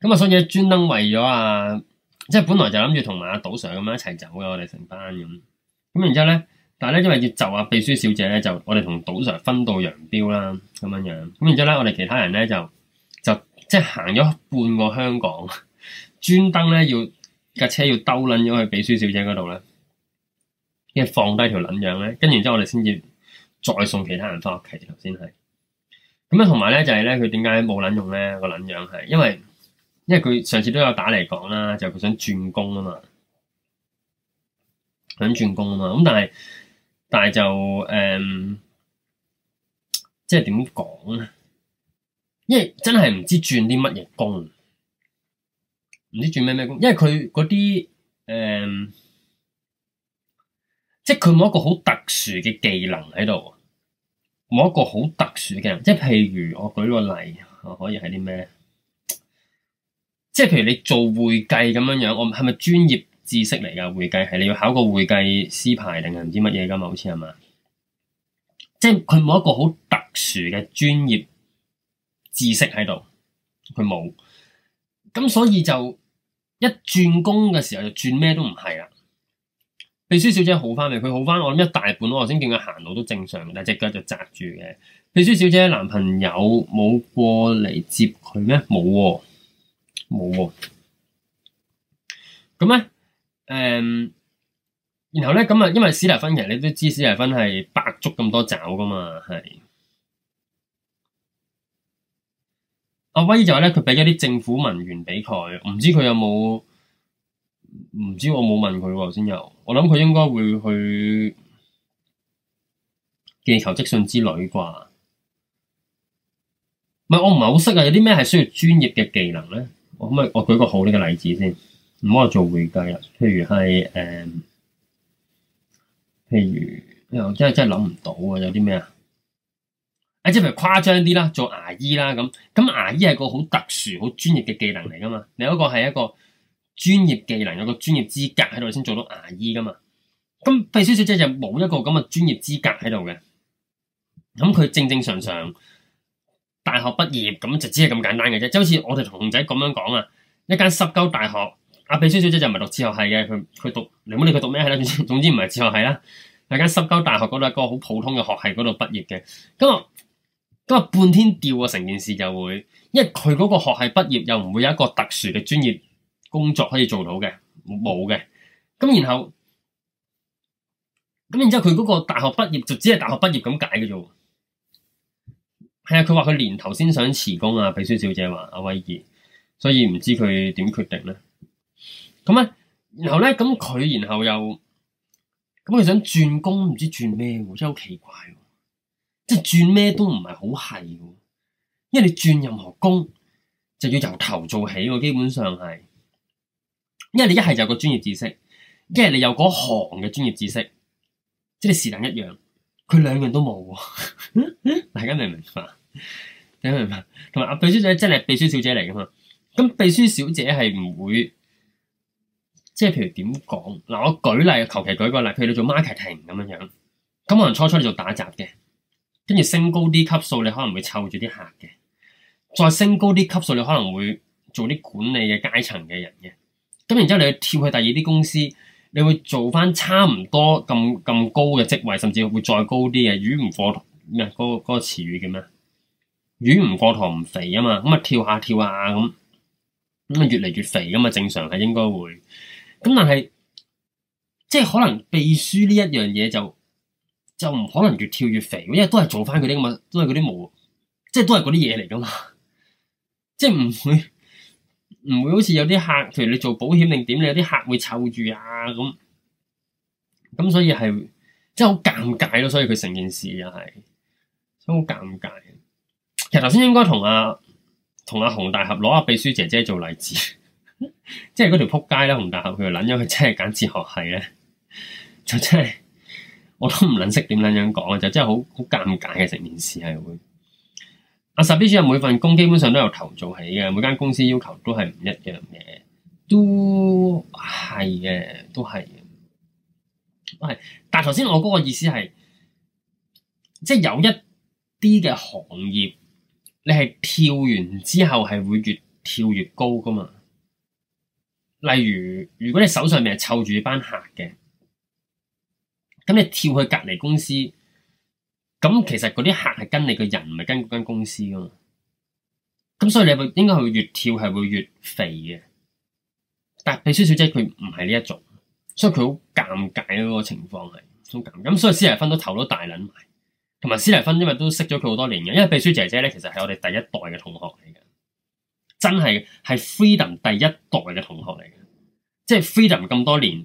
Speaker 1: 咁啊，所以咧專登為咗啊，即係本來就諗住同埋阿島 Sir 咁樣一齊走嘅，我哋成班咁。咁然之後咧，但係咧因為要就阿秘書小姐咧，就我哋同島 Sir 分道揚鑣啦，咁樣樣。咁然之後咧，我哋其他人咧就就即係行咗半個香港，專登咧要架車要兜捻咗去秘書小姐嗰度咧。即係放低條撚樣，咧，跟住之後我哋先至再送其他人翻屋企，頭先係。咁咧，同埋咧，就係咧，佢點解冇撚用咧？個撚樣係因為因為佢上次都有打嚟講啦，就佢想轉工啊嘛，想轉工啊嘛。咁但係但係就誒，即係點講咧？因為真係唔知轉啲乜嘢工，唔知轉咩咩工，因為佢嗰啲誒。嗯即係佢冇一個好特殊嘅技能喺度，冇一個好特殊嘅，即係譬如我舉個例，我可以係啲咩？即係譬如你做會計咁樣樣，我係咪專業知識嚟噶？會計係你要考個會計師牌定係唔知乜嘢噶嘛？好似係嘛？即係佢冇一個好特殊嘅專業知識喺度，佢冇。咁所以就一轉工嘅時候就轉咩都唔係啦。秘書小姐好翻未？佢好翻，我諗一大半，我頭先見佢行路都正常，但係隻腳就紮住嘅。秘書小姐男朋友冇過嚟接佢咩？冇喎、哦，冇喎、哦。咁咧，誒、嗯，然後咧咁啊，因為史達芬嘅，其實你都知史達芬係百足咁多爪噶嘛？係阿威就話咧，佢俾咗啲政府文員俾佢，唔知佢有冇？唔知我冇問佢先又。我諗佢應該會去寄球即信之旅啩，唔係我唔係好識啊！有啲咩係需要專業嘅技能咧？可唔可以我舉個好啲嘅例子先，唔好話做會計、嗯、啊。譬如係誒，譬如又真係真係諗唔到啊！有啲咩啊？啊，即係譬如誇張啲啦，做牙醫啦咁，咁牙醫係個好特殊、好專業嘅技能嚟噶嘛？另一個係一個。專業技能有個專業資格喺度先做到牙醫噶嘛？咁秘書小，小姐就冇一個咁嘅專業資格喺度嘅，咁佢正正常常大學畢業咁就只係咁簡單嘅啫。就好似我哋同仔咁樣講啊，一間濕鳩大學阿秘書小姐就唔係讀哲學系嘅，佢佢讀你冇理佢讀咩係啦，總之唔係哲學系啦，係間濕鳩大學嗰度一個好普通嘅學系嗰度畢業嘅。咁我咁我半天掉啊，成件事就會，因為佢嗰個學系畢業又唔會有一個特殊嘅專業。工作可以做到嘅冇嘅，咁然後咁然之後佢嗰個大學畢業就只係大學畢業咁解嘅啫喎，係啊，佢話佢年頭先想辭工啊，秘書小姐話阿威爾，所以唔知佢點決定咧。咁啊，然後咧咁佢然後又咁佢想轉工，唔知轉咩喎，真係好奇怪喎，啊，即係轉咩都唔係好係喎，因為你轉任何工就要由頭做起喎，啊，基本上係。因為你一係有個專業知識，一係你有嗰行嘅專業知識，即係是時但一樣，佢兩樣都冇。 大家明唔明白？你明唔明？同埋阿秘書姐，即係秘書小姐嚟噶嘛？咁秘書小姐係唔會，即係譬如點講嗱？我舉例，求其舉個例，譬如你做 marketing 咁樣樣，咁可能初初你做打雜嘅，跟住升高啲級數，你可能會湊住啲客嘅，再升高啲級數，你可能會做啲管理嘅階層嘅人嘅。咁然之後，你跳去第二啲公司，你會做翻差唔多咁咁高嘅職位，甚至會再高啲嘅。魚唔過堂咩？嗰、那個嗰、那個詞語叫咩？魚唔過堂唔肥啊嘛。咁、嗯、啊，跳下跳下咁，咁啊越嚟越肥噶嘛。正常係應該會。咁但係即係可能秘書呢一樣嘢就就唔可能越跳越肥，因為都係做翻嗰啲咁嘛，都係嗰啲冇，即係都係嗰啲嘢嚟噶嘛，即係唔會。唔會好似有啲客，譬如你做保險定點，你有啲客會湊住啊咁，咁所以係真係好尷尬咯。所以佢成件事又係真好尷尬。其實頭先應該同阿同阿洪大俠攞阿秘書姐姐做例子， 即係嗰條仆街咧，洪大俠佢個諗咗，佢真係揀哲學系咧，就真係我都唔撚識點撚樣講啊，就真係好好尷尬嘅成件事係會。阿實主任每份工基本上都由頭做起嘅，每間公司要求都係唔一樣嘅，都係嘅，都係。係，但頭先我嗰個意思係，即係有一啲嘅行業，你係跳完之後係會越跳越高噶嘛？例如，如果你手上面係湊住班客嘅，咁你跳去隔離公司。咁其實嗰啲客係跟你個人，唔係跟嗰間公司噶嘛。咁所以你會應該會越跳係會越肥嘅。但係秘書小姐佢唔係呢一種，所以佢好尷尬，嗰個情況係好尷。咁所以斯禮芬都頭都大捻埋，同埋斯禮芬因為都識咗佢好多年嘅，因為秘書姐姐咧其實係我哋第一代嘅同學嚟嘅，真係係 Freedom 第一代嘅同學嚟嘅，即係 Freedom 咁多年，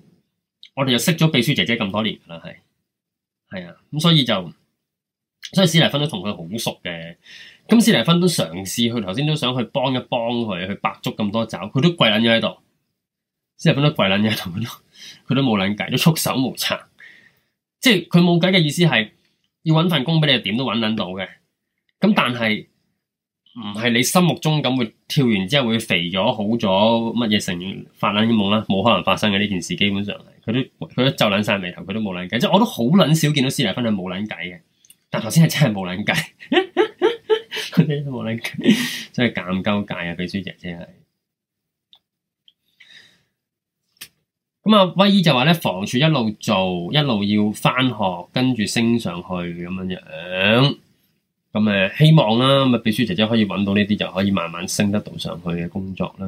Speaker 1: 我哋就識咗秘書姐姐咁多年啦，係係啊，咁所以就。所以施麗芬都同佢好熟嘅。咁施麗芬都嘗試，佢頭先都想去幫一幫佢，去白足咁多酒，佢都跪捻咗喺度。施麗芬都跪捻咗喺度，佢都冇捻計，都束手無策。即係佢冇計嘅意思係要搵份工俾你，點都搵捻到嘅。咁但係唔係你心目中咁會跳完之後會肥咗好咗乜嘢成員發捻嘅夢啦，冇可能發生嘅呢件事。基本上係佢都佢都皺捻晒眉頭，佢都冇捻計。即係我都好捻少見到施麗芬係冇捻計嘅。但頭先係真係冇諗計，佢哋冇諗計，真係尷鳩界啊！秘書姐姐係，咁啊威姨就話咧，房署一路做，一路要翻學，跟住升上去咁樣樣。咁誒、啊、希望啦、啊，咁啊秘書姐姐可以揾到呢啲就可以慢慢升得到上去嘅工作啦。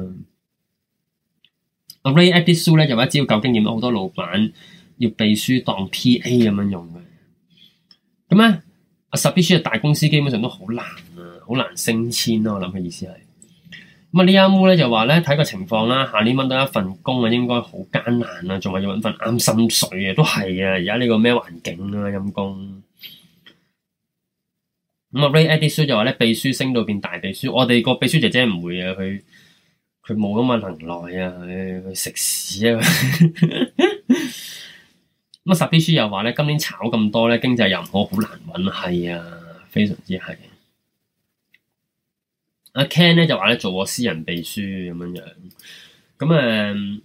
Speaker 1: 阿、啊、Ray Edison 咧就話，只要夠經驗，好多老闆要秘書當 PA 咁樣用嘅。咁啊～啊！實秘書嘅大公司基本上都好難啊，好難升遷咯。我諗佢意思係，咁啊呢啱屋咧就話咧睇個情況啦。下年揾到一份工啊，應該好艱難啊，仲話要揾份啱心水啊，都係啊！而家呢個咩環境啊，陰公。咁啊 Ray Eddie 書就話咧，秘書升到變大秘書，我哋個秘書姐姐唔會啊，佢佢冇咁嘅能耐啊，佢食屎啊！哈哈。咁啊，實啲書又話咧，今年炒咁多咧，經濟又唔好，好難搵，係啊，非常之係。阿、啊、Ken 咧就話咧，做過私人秘書咁樣樣，咁、嗯、誒，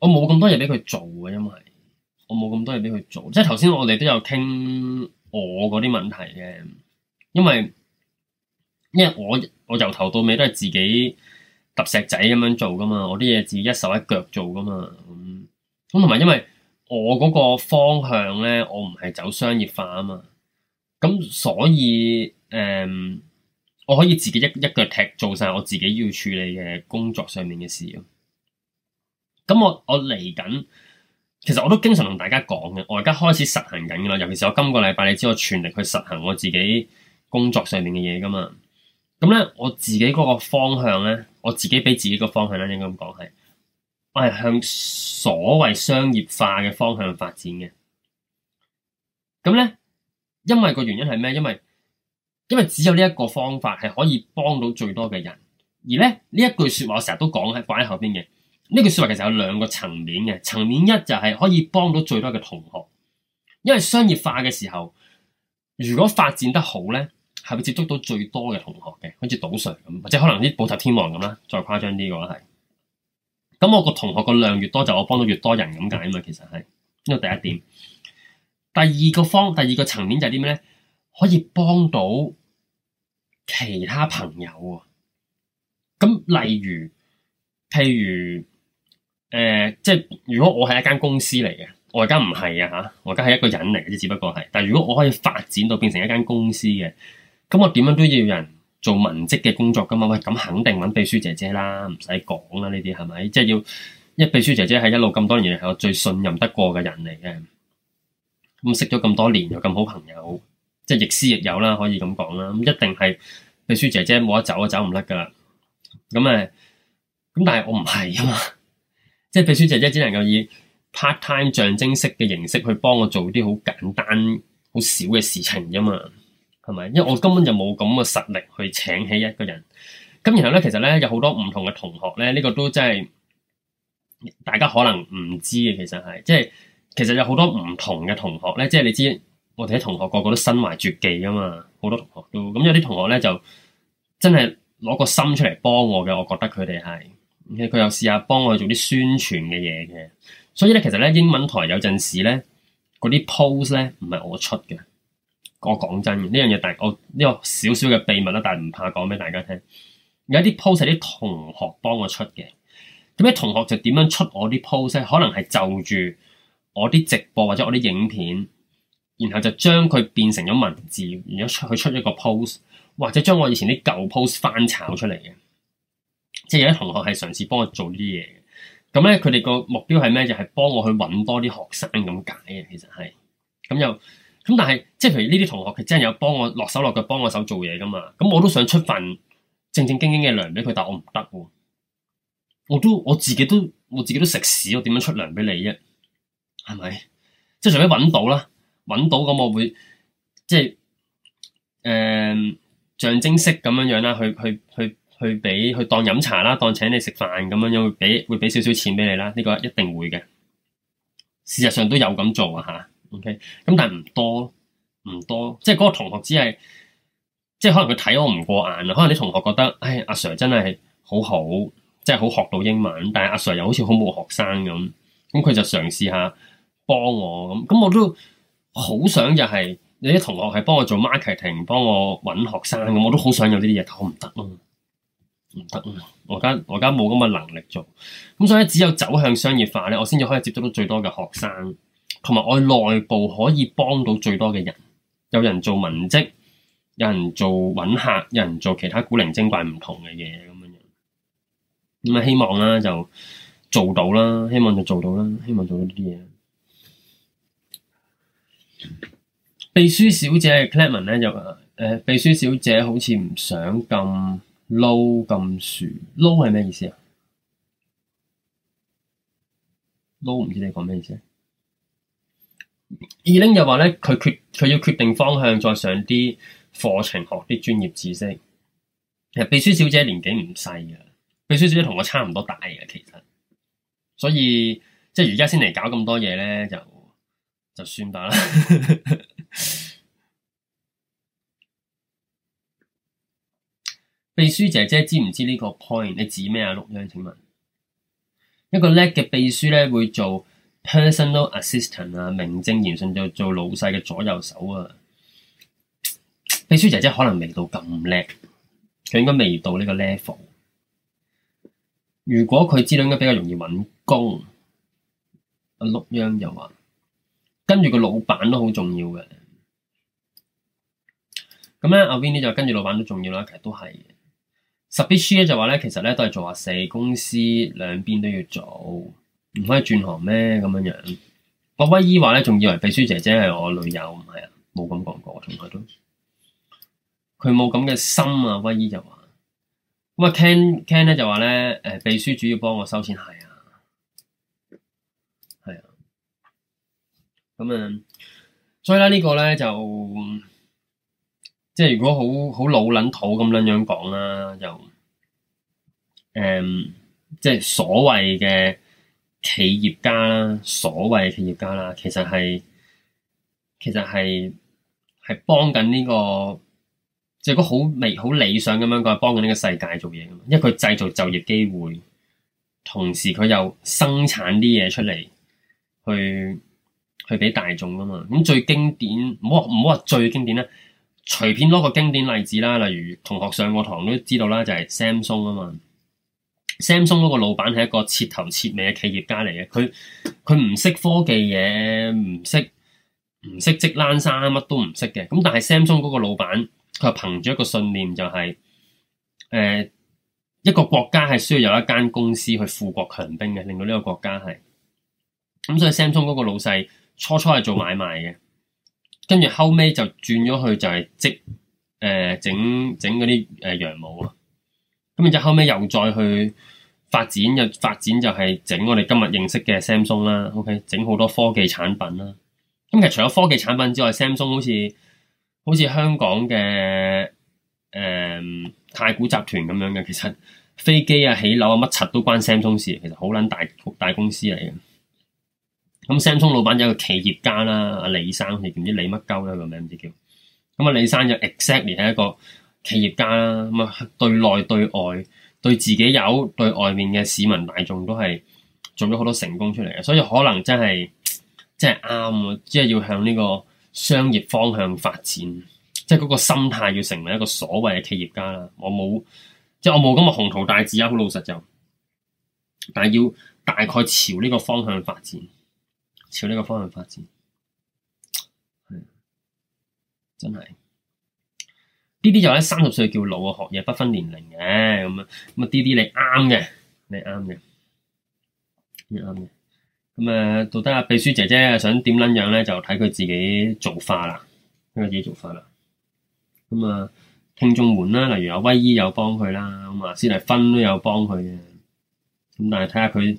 Speaker 1: 我冇咁多嘢俾佢做啊，因為我冇咁多嘢俾佢做，即係頭先我哋都有傾我嗰啲問題嘅，因為因為我我由頭到尾都係自己揼石仔咁樣做㗎嘛，我啲嘢自己一手一腳做㗎嘛，咁咁同埋因為。我嗰個方向咧，我唔係走商業化啊嘛，咁所以誒、嗯，我可以自己一一腳踢做晒我自己要處理嘅工作上面嘅事咯。咁我我嚟緊，其實我都經常同大家講嘅，我而家開始實行緊啦，尤其是我今個禮拜，你知道我全力去實行我自己工作上面嘅嘢噶嘛。咁咧我自己嗰個方向咧，我自己俾自己個方向咧，應該咁講係。我係向所謂商業化嘅方向發展嘅，咁咧，因為個原因係咩？因為因為只有呢一個方法係可以幫到最多嘅人而，而咧呢一句說話我成日都講喺擺喺後邊嘅。呢句說話其實有兩個層面嘅，層面一就係可以幫到最多嘅同學，因為商業化嘅時候，如果發展得好咧，係會接觸到最多嘅同學嘅，好似賭 Sir 咁，或者可能啲補習天王咁啦，再誇張啲嘅話係。咁我個同學個量越多，就我幫到越多人咁解啊嘛，其實係，呢個第一點。第二個方，第二個層面就係啲咩咧？可以幫到其他朋友啊。咁例如，譬如，誒、呃，即係如果我係一間公司嚟嘅，我而家唔係啊吓，我而家係一個人嚟嘅啫，只不過係。但係如果我可以發展到變成一間公司嘅，咁我點樣都要人。做文職嘅工作噶嘛喂，咁肯定揾秘書姐姐啦，唔使講啦，呢啲係咪？即係、就是、要，因為秘書姐姐係一路咁多年嚟係我最信任得過嘅人嚟嘅。咁、嗯、識咗咁多年又咁好朋友，即、就、係、是、亦師亦友啦，可以咁講啦。咁、嗯、一定係秘書姐姐冇得走，走，走唔甩噶啦。咁、嗯、誒，咁但係我唔係啊嘛，即、就、係、是、秘書姐姐只能夠以 part time 象徵式嘅形式去幫我做啲好簡單、好少嘅事情啫嘛。係咪？因為我根本就冇咁嘅實力去請起一個人。咁然後咧，其實咧有好多唔同嘅同學咧，呢個都真係大家可能唔知嘅。其實係即係其實有好多唔同嘅同學咧，即係你知我哋啲同學個個都身懷絕技噶嘛。好多同學都咁，有啲同學咧就真係攞個心出嚟幫我嘅。我覺得佢哋係，佢又試下幫我做啲宣傳嘅嘢嘅。所以咧，其實咧英文台有陣時咧嗰啲 pose 咧唔係我出嘅。我講真，呢樣嘢大，我呢個少少嘅秘密啦，但係唔怕講俾大家聽。有啲 post 係啲同學幫我出嘅，咁啲同學就點樣出我啲 post 咧？可能係就住我啲直播或者我啲影片，然後就將佢變成咗文字，然後出去出一個 post，或者將我以前啲舊 post 翻炒出嚟嘅。即係有啲同學係嘗試幫我做呢啲嘢嘅。咁咧，佢哋個目標係咩？就係、是、幫我去揾多啲學生咁解嘅。其實係咁又。咁但係即係譬如呢啲同學佢真係有幫我落手落腳幫我手做嘢噶嘛，咁我都想出份正正經經嘅糧俾佢，但係我唔得喎，我都我自己都我自己都食屎，我點樣出糧俾你啫？係咪？即係除非搵到啦，搵到咁我會即係誒、呃、象徵式咁樣樣啦，去去去去俾去當飲茶啦，當請你食飯咁樣樣會俾會俾少少錢俾你啦，呢、呢個一定會嘅，事實上都有咁做啊吓。咁、okay，但係唔多，唔多，即係嗰個同學只係，即係可能佢睇我唔過眼啊。可能啲同學覺得，唉，阿、啊、Sir 真係好好，即係好學到英文，但係、啊、阿 Sir 又好似好冇學生咁，咁佢就嘗試下幫我咁。咁我都好想就係你啲同學係幫我做 marketing，幫我搵學生咁，我都好想有呢啲嘢，但我唔得咯，唔得！我而家我而家冇咁嘅能力做，咁所以只有走向商業化咧，我先至可以接觸到最多嘅學生。同埋我內部可以幫到最多嘅人，有人做文職，有人做搵客，有人做其他古靈精怪唔同嘅嘢咁樣。咁啊，希望啦、啊、就做到啦，希望就做到啦，希望做到呢啲嘢。秘書小姐嘅 Clayman 咧就誒、呃，秘書小姐好似唔想咁 low 咁薯。low 係咩意思啊？low 唔知你講咩意思。二玲又話咧，佢決佢要決定方向，再上啲課程，學啲專業知識。其實秘書小姐年紀唔細噶，秘書小姐同我差唔多大噶，其實，所以即係而家先嚟搞咁多嘢咧，就就算罷啦。 秘書姐姐知唔知呢個 point？你指咩啊？錄音，請問一個叻嘅秘書咧，會做？personal assistant 啊，名正言順就做，做老細嘅左右手啊。秘書姐姐可能未到咁叻，佢應該未到呢個 level。如果佢知道應該比較容易揾工。阿、啊、碌央又話，跟住個老闆都好重要嘅。咁咧、啊，阿、啊、Vinny 就跟住老闆都重要啦。其實都係。Subi s h 咧就話咧，其實咧都係做阿四公司兩邊都要做。唔可以轉行咩咁樣樣？個威姨話咧，仲以為秘書姐姐係我女友，唔係啊，冇咁講過，從來都佢冇咁嘅心啊！威姨就話，咁啊 Ken，Ken 咧就話咧，誒秘書主要幫我收錢，係啊，係啊，咁、嗯、啊，所以咧呢個咧就即係如果好好老撚土咁樣樣講啦，就誒、嗯、即係所謂嘅。企業家啦，所謂企業家啦，其實係其實係係幫緊呢、這個，即係個好未好理想咁樣講，佢係幫緊呢個世界做嘢噶嘛，因為佢製造就業機會，同時佢又生產啲嘢出嚟去去俾大眾噶嘛。咁最經典，唔好唔好話最經典啦，隨便攞個經典例子啦，例如同學上過堂都知道啦，就係、是、Samsung 啊嘛。Samsung 嗰個老闆係一個徹頭徹尾嘅企業家嚟嘅，佢佢唔識科技嘢，唔識唔識織冷衫，乜都唔識嘅。咁但係 Samsung 嗰個老闆，佢係憑住一個信念，就是，就係誒一個國家係需要有一間公司去富國強兵嘅，令到呢個國家係咁。所以 Samsung 嗰個老細初初係做買賣嘅，跟住後尾就轉咗去就係織誒整整嗰啲誒羊毛啊。呃咁就後尾又再去發展，又發展就係整我哋今日認識嘅 Samsung 啦，OK，整好多科技產品啦。咁其實除咗科技產品之外，Samsung 好似好似香港嘅誒、嗯、太古集團咁樣嘅，其實飛機啊、起樓啊，乜柒都關 Samsung 事。其實好捻大大公司嚟嘅。咁 Samsung 老闆有一個企業家啦，阿李生，你唔知李乜鳩啦？個名唔知叫。咁啊，李生就 exactly 係一個。企業家啦，咁啊對內對外，對自己有對外面嘅市民大眾都係做咗好多成功出嚟嘅，所以可能真係真係啱啊！即係要向呢個商業方向發展，即係嗰個心態要成為一個所謂嘅企業家啦。我冇即係我冇咁嘅宏圖大志啊，好老實就，但係要大概朝呢個方向發展，朝呢個方向發展，係真係。呢啲就係三十歲叫老嘅，學嘢不分年齡嘅。咁啊，咁啊，呢啲你啱嘅，你啱嘅，你啱嘅。咁、嗯、啊，到底阿秘書姐姐想點撚樣咧？就睇佢自己做法啦，睇佢自己做法啦。咁、嗯、啊，聽眾們啦，例如阿威姨有幫佢啦，咁阿斯蒂芬都有幫佢嘅。咁但係睇下佢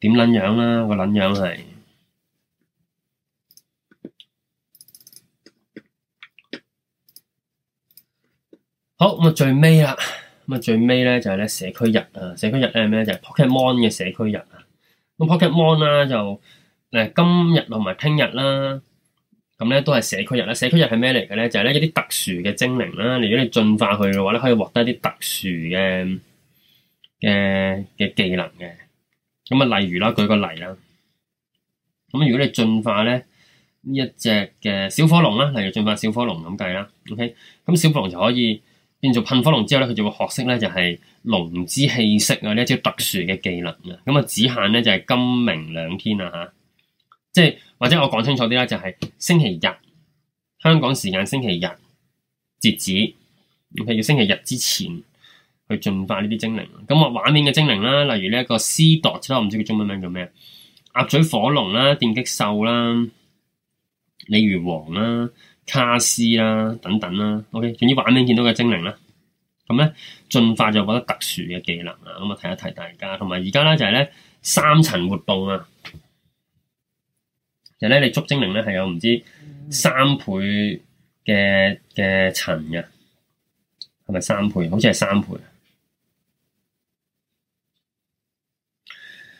Speaker 1: 點撚樣啦，個撚樣係。好，咁啊，最尾啦，咁啊最尾咧就係咧社區日啊，社區日咧係咩，就係 Pokémon 嘅社區日啊。咁 Pokémon 啦，就誒、是 ok ok、今日同埋聽日啦，咁咧都係社區日啦。社區日係咩嚟嘅咧？就係、是、咧一啲特殊嘅精靈啦。如果你進化佢嘅話咧，可以獲得一啲特殊嘅嘅嘅技能嘅。咁啊，例如啦，舉個例啦，咁如果你進化咧呢一隻嘅小火龍啦，例如進化小火龍咁計啦，OK，咁小火龍就可以。變做噴火龍之後咧，佢就會學識咧就係、是、龍之氣息啊，呢一招特殊嘅技能啊，咁啊只限咧就係今明兩天啊吓、啊，即係或者我講清楚啲啦，就係、是、星期日香港時間星期日截止，咁佢要星期日之前去進化呢啲精靈。咁啊，畫、嗯、面嘅精靈啦、啊，例如呢一個斯朵，dot, 我唔知佢中文名叫咩，鴨嘴火龍啦、啊，電擊獸啦，鯉魚王啦、啊。卡斯啦、啊，等等啦、啊、OK，總之畫面見到嘅精靈啦、啊，咁、嗯、咧進化就覺得特殊嘅技能啊，咁啊提一提大家，同埋而家咧就係、是、咧三層活動啊，就實、是、咧你捉精靈咧係有唔知三倍嘅嘅層嘅、啊，係咪三倍？好似係三倍。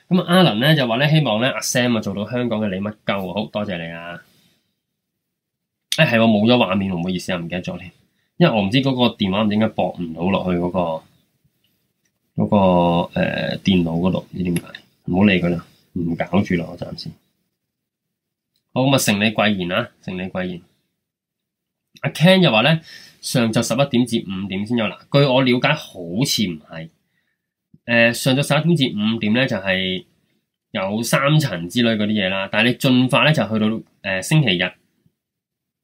Speaker 1: 咁啊，阿倫咧就話咧希望咧阿 Sam 啊做到香港嘅李物鳩啊，好多謝你啊！誒，係我冇咗畫面，我唔好意思啊，唔記得咗添，因為我唔知嗰個電話唔知點解駁唔到落去嗰、嗰個嗰、嗰個誒、呃、電腦嗰度，唔知點解。唔好理佢啦，唔搞住啦，我暫時。好，咪承你貴言啦，承你貴言，阿 Ken 又話咧，上晝十一點至五點先有嗱，據我了解好似唔係。誒、呃，上晝十一點至五點咧就係、係、有三層之類嗰啲嘢啦，但係你進化咧就去到誒、呃、星期日。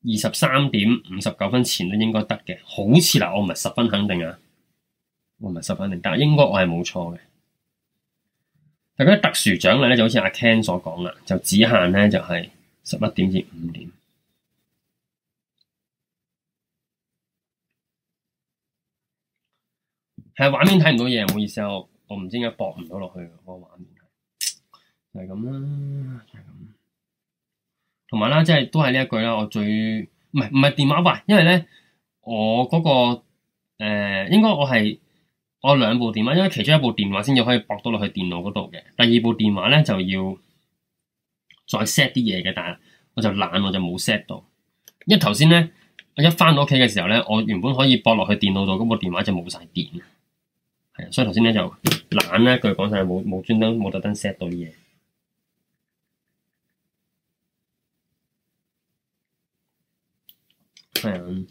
Speaker 1: 二十三點五十九分前都應該得嘅，好似嗱，我唔係十分肯定啊，我唔係十分肯定，但應該我係冇錯嘅。大家特殊獎勵咧，就好似阿 Ken 所講啦，就只限咧就係十一點至五點。係畫面睇唔到嘢，唔好意思，我唔知點解駁唔到落去個畫面，就係咁啦，就係咁。同埋啦，即係都係呢一句啦。我最唔係唔係電話壞，因為咧我嗰、那個誒、呃、應該我係我兩部電話，因為其中一部電話先至可以駁到落去電腦嗰度嘅。第二部電話咧就要再 set 啲嘢嘅，但係我就懶，我就冇 set 到。因為頭先咧，我一翻到屋企嘅時候咧，我原本可以駁落去電腦度嗰部電話就冇晒電。係啊，所以頭先咧就懶啦，一句講曬冇冇專登冇特登 set 到啲嘢。係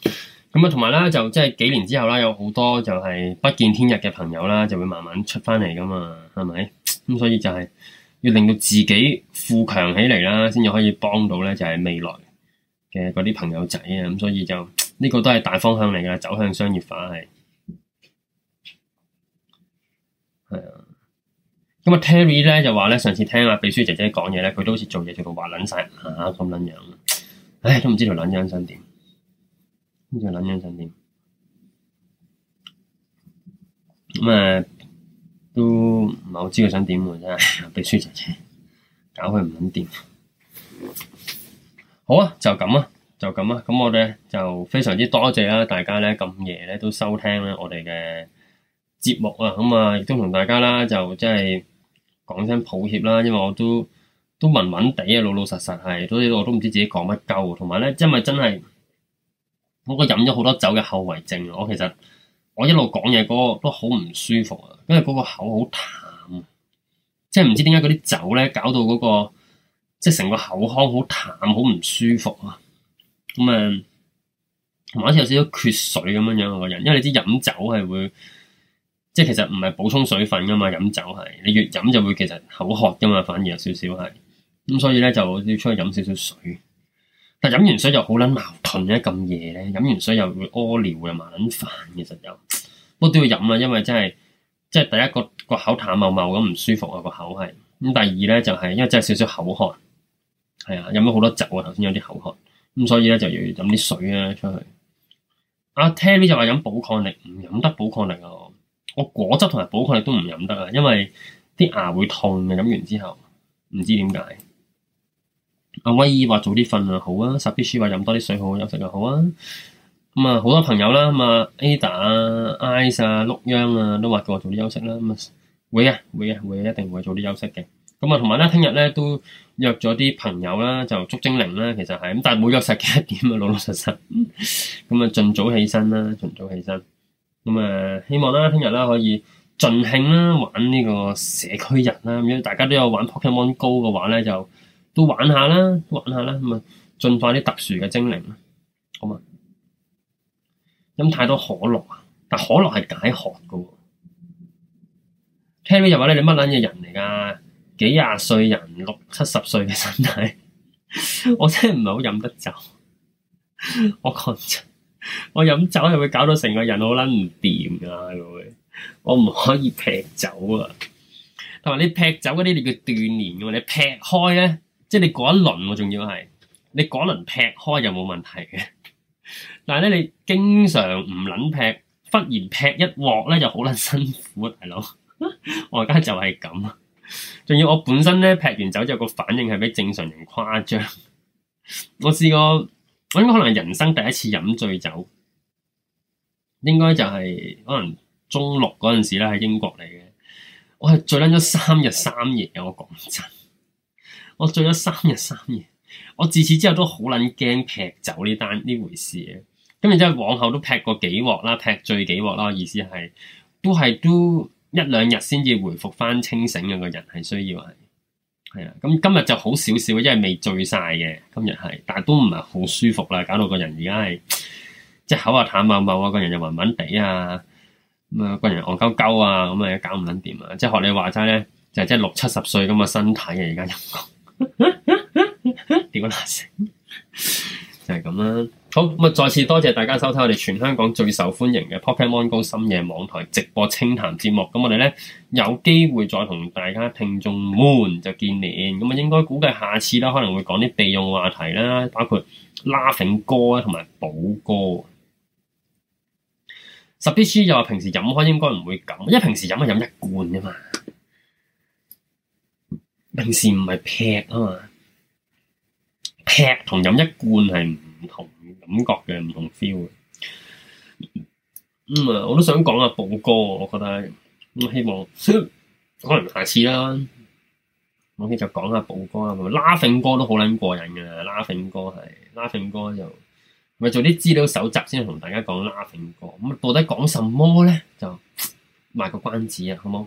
Speaker 1: 咁啊，同埋啦，就即係幾年之後啦，有好多就係不見天日嘅朋友啦，就會慢慢出翻嚟噶嘛，係咪咁？所以就係要令到自己富強起嚟啦，先至可以幫到咧，就係、是、未來嘅嗰啲朋友仔啊。咁、嗯、所以就呢、這個都係大方向嚟噶啦，走向商業化係係啊。咁、嗯、啊，Terry 咧就話咧，上次聽阿秘書姐姐講嘢咧，佢都好似做嘢做到話撚晒啊，咁撚樣，唉，都唔知條撚樣想點。呢就諗樣想點？咁啊，都唔係好知佢想點喎真係，俾輸台車，搞佢唔肯掂。好啊，就咁啊，就咁啊，咁我哋就非常之多謝啦，大家咧咁夜咧都收聽咧我哋嘅節目啊，咁啊亦都同大家啦，就即係講聲抱歉啦，因為我都都文文地啊，老老實實係，所以我都唔知自己講乜鳩，同埋咧，因為真係。嗰個飲咗好多酒嘅後遺症啊！我其實我一路講嘢嗰個都好唔舒服啊，因為嗰個口好淡，即係唔知點解嗰啲酒咧搞到嗰個即係成個口腔好淡，好唔舒服啊！咁啊，同埋好似有少少缺水咁樣樣我個人，因為你知飲酒係會即係其實唔係補充水分噶嘛，飲酒係你越飲就會其實口渴噶嘛，反而有少少係咁，所以咧就要出去飲少少水。但係飲完水又好撚矛盾嘅，咁夜咧飲完水又會屙尿又麻撚煩，其實又不都要飲啦，因為真係即係第一個個口淡茂茂咁唔舒服啊，個口係咁，第二咧就係、是、因為真係少少口渴係啊，飲咗好多酒啊，頭先有啲口渴咁，所以咧就要飲啲水啊出去。阿 Tammy 就話飲補抗力唔飲得補抗力啊，我果汁同埋補抗力都唔飲得啊，因為啲牙會痛嘅飲完之後，唔知點解。阿威姨話早啲瞓啊，好啊，十比舒話飲多啲水好，休息啊好啊。咁啊，好多朋友啦，咁啊 Ada 啊、Ice 啊、碌秧啊，都話叫我早啲休息啦。咁啊，會嘅、啊，會嘅、啊，會一定會早啲休息嘅。咁啊，同埋咧，聽日咧都約咗啲朋友啦，就捉精靈啦，其實係咁，但係冇約十一點啊，老老實實咁啊，盡 早起身啦，盡早起身。咁啊、嗯，希望啦，聽日啦可以盡興啦，玩呢個社區日啦，咁因為大家都有玩 Pokemon Go 嘅話咧就。都玩下啦，玩下啦，咁啊，進化啲特殊嘅精靈啦，好嘛？飲太多可樂啊，但可樂係解渴噶喎。聽到又話咧，你乜捻嘢人嚟噶？幾廿歲人，六七十歲嘅身體， 我真係唔係好飲得酒。我講真，我飲酒係會搞到成個人好捻唔掂噶，我唔可以劈酒啊。同埋你劈酒嗰啲，你叫鍛煉噶，你劈開咧？即係你嗰一輪，啊，我仲要係你嗰輪劈開又冇問題嘅，但係咧你經常唔捻劈，忽然劈一鑊咧就好捻辛苦，大佬， 我而家就係咁，仲要我本身咧劈完酒之後個反應係比正常人誇張。我試過，我應該可能人生第一次飲醉酒，應該就係、是、可能中六嗰陣時咧喺英國嚟嘅，我係醉捻咗三日三夜嘅，我講真。我醉咗三日三夜，我自此之後都好撚驚劈走呢單呢回事嘅。咁然之後往後都劈過幾鑊啦，劈醉幾鑊啦。意思係都係都一兩日先至回復翻清醒嘅，個人係需要係係啊。咁今日就好少少，因為未醉晒嘅今日係，但係都唔係好舒服啦，搞到個人而家係即係口啊淡茂茂，啊，個人又暈暈地啊，咁啊個人戇鳩鳩啊，咁啊搞唔撚掂啊。即係學你話齋咧，就係即係六七十歲咁嘅身體啊，而家點個難食？ 就係咁啦。好，咁啊，再次多謝大家收睇我哋全香港最受歡迎嘅 Pokemon Go 深夜網台直播清談節目。咁我哋咧有機會再同大家聽眾們就見面。咁啊，應該估計下次啦，可能會講啲備用話題啦，包括 Laughing 哥啊，同埋寶哥。Subby Sir 又話平時飲開應該唔會咁，因為平時飲啊飲一罐啫嘛。平時唔係劈啊嘛，劈同飲一罐係唔同感覺嘅，唔同 feel 嘅。咁、嗯、啊，我都想講下寶哥，我覺得咁、嗯、希望可能下次啦。我哋就講下寶哥啦，拉粉哥都好撚過癮嘅啦，拉粉哥係拉粉哥就咪做啲資料搜集先同大家講拉粉哥，咁、嗯、到底講什麼咧？就賣個關子啊，好冇？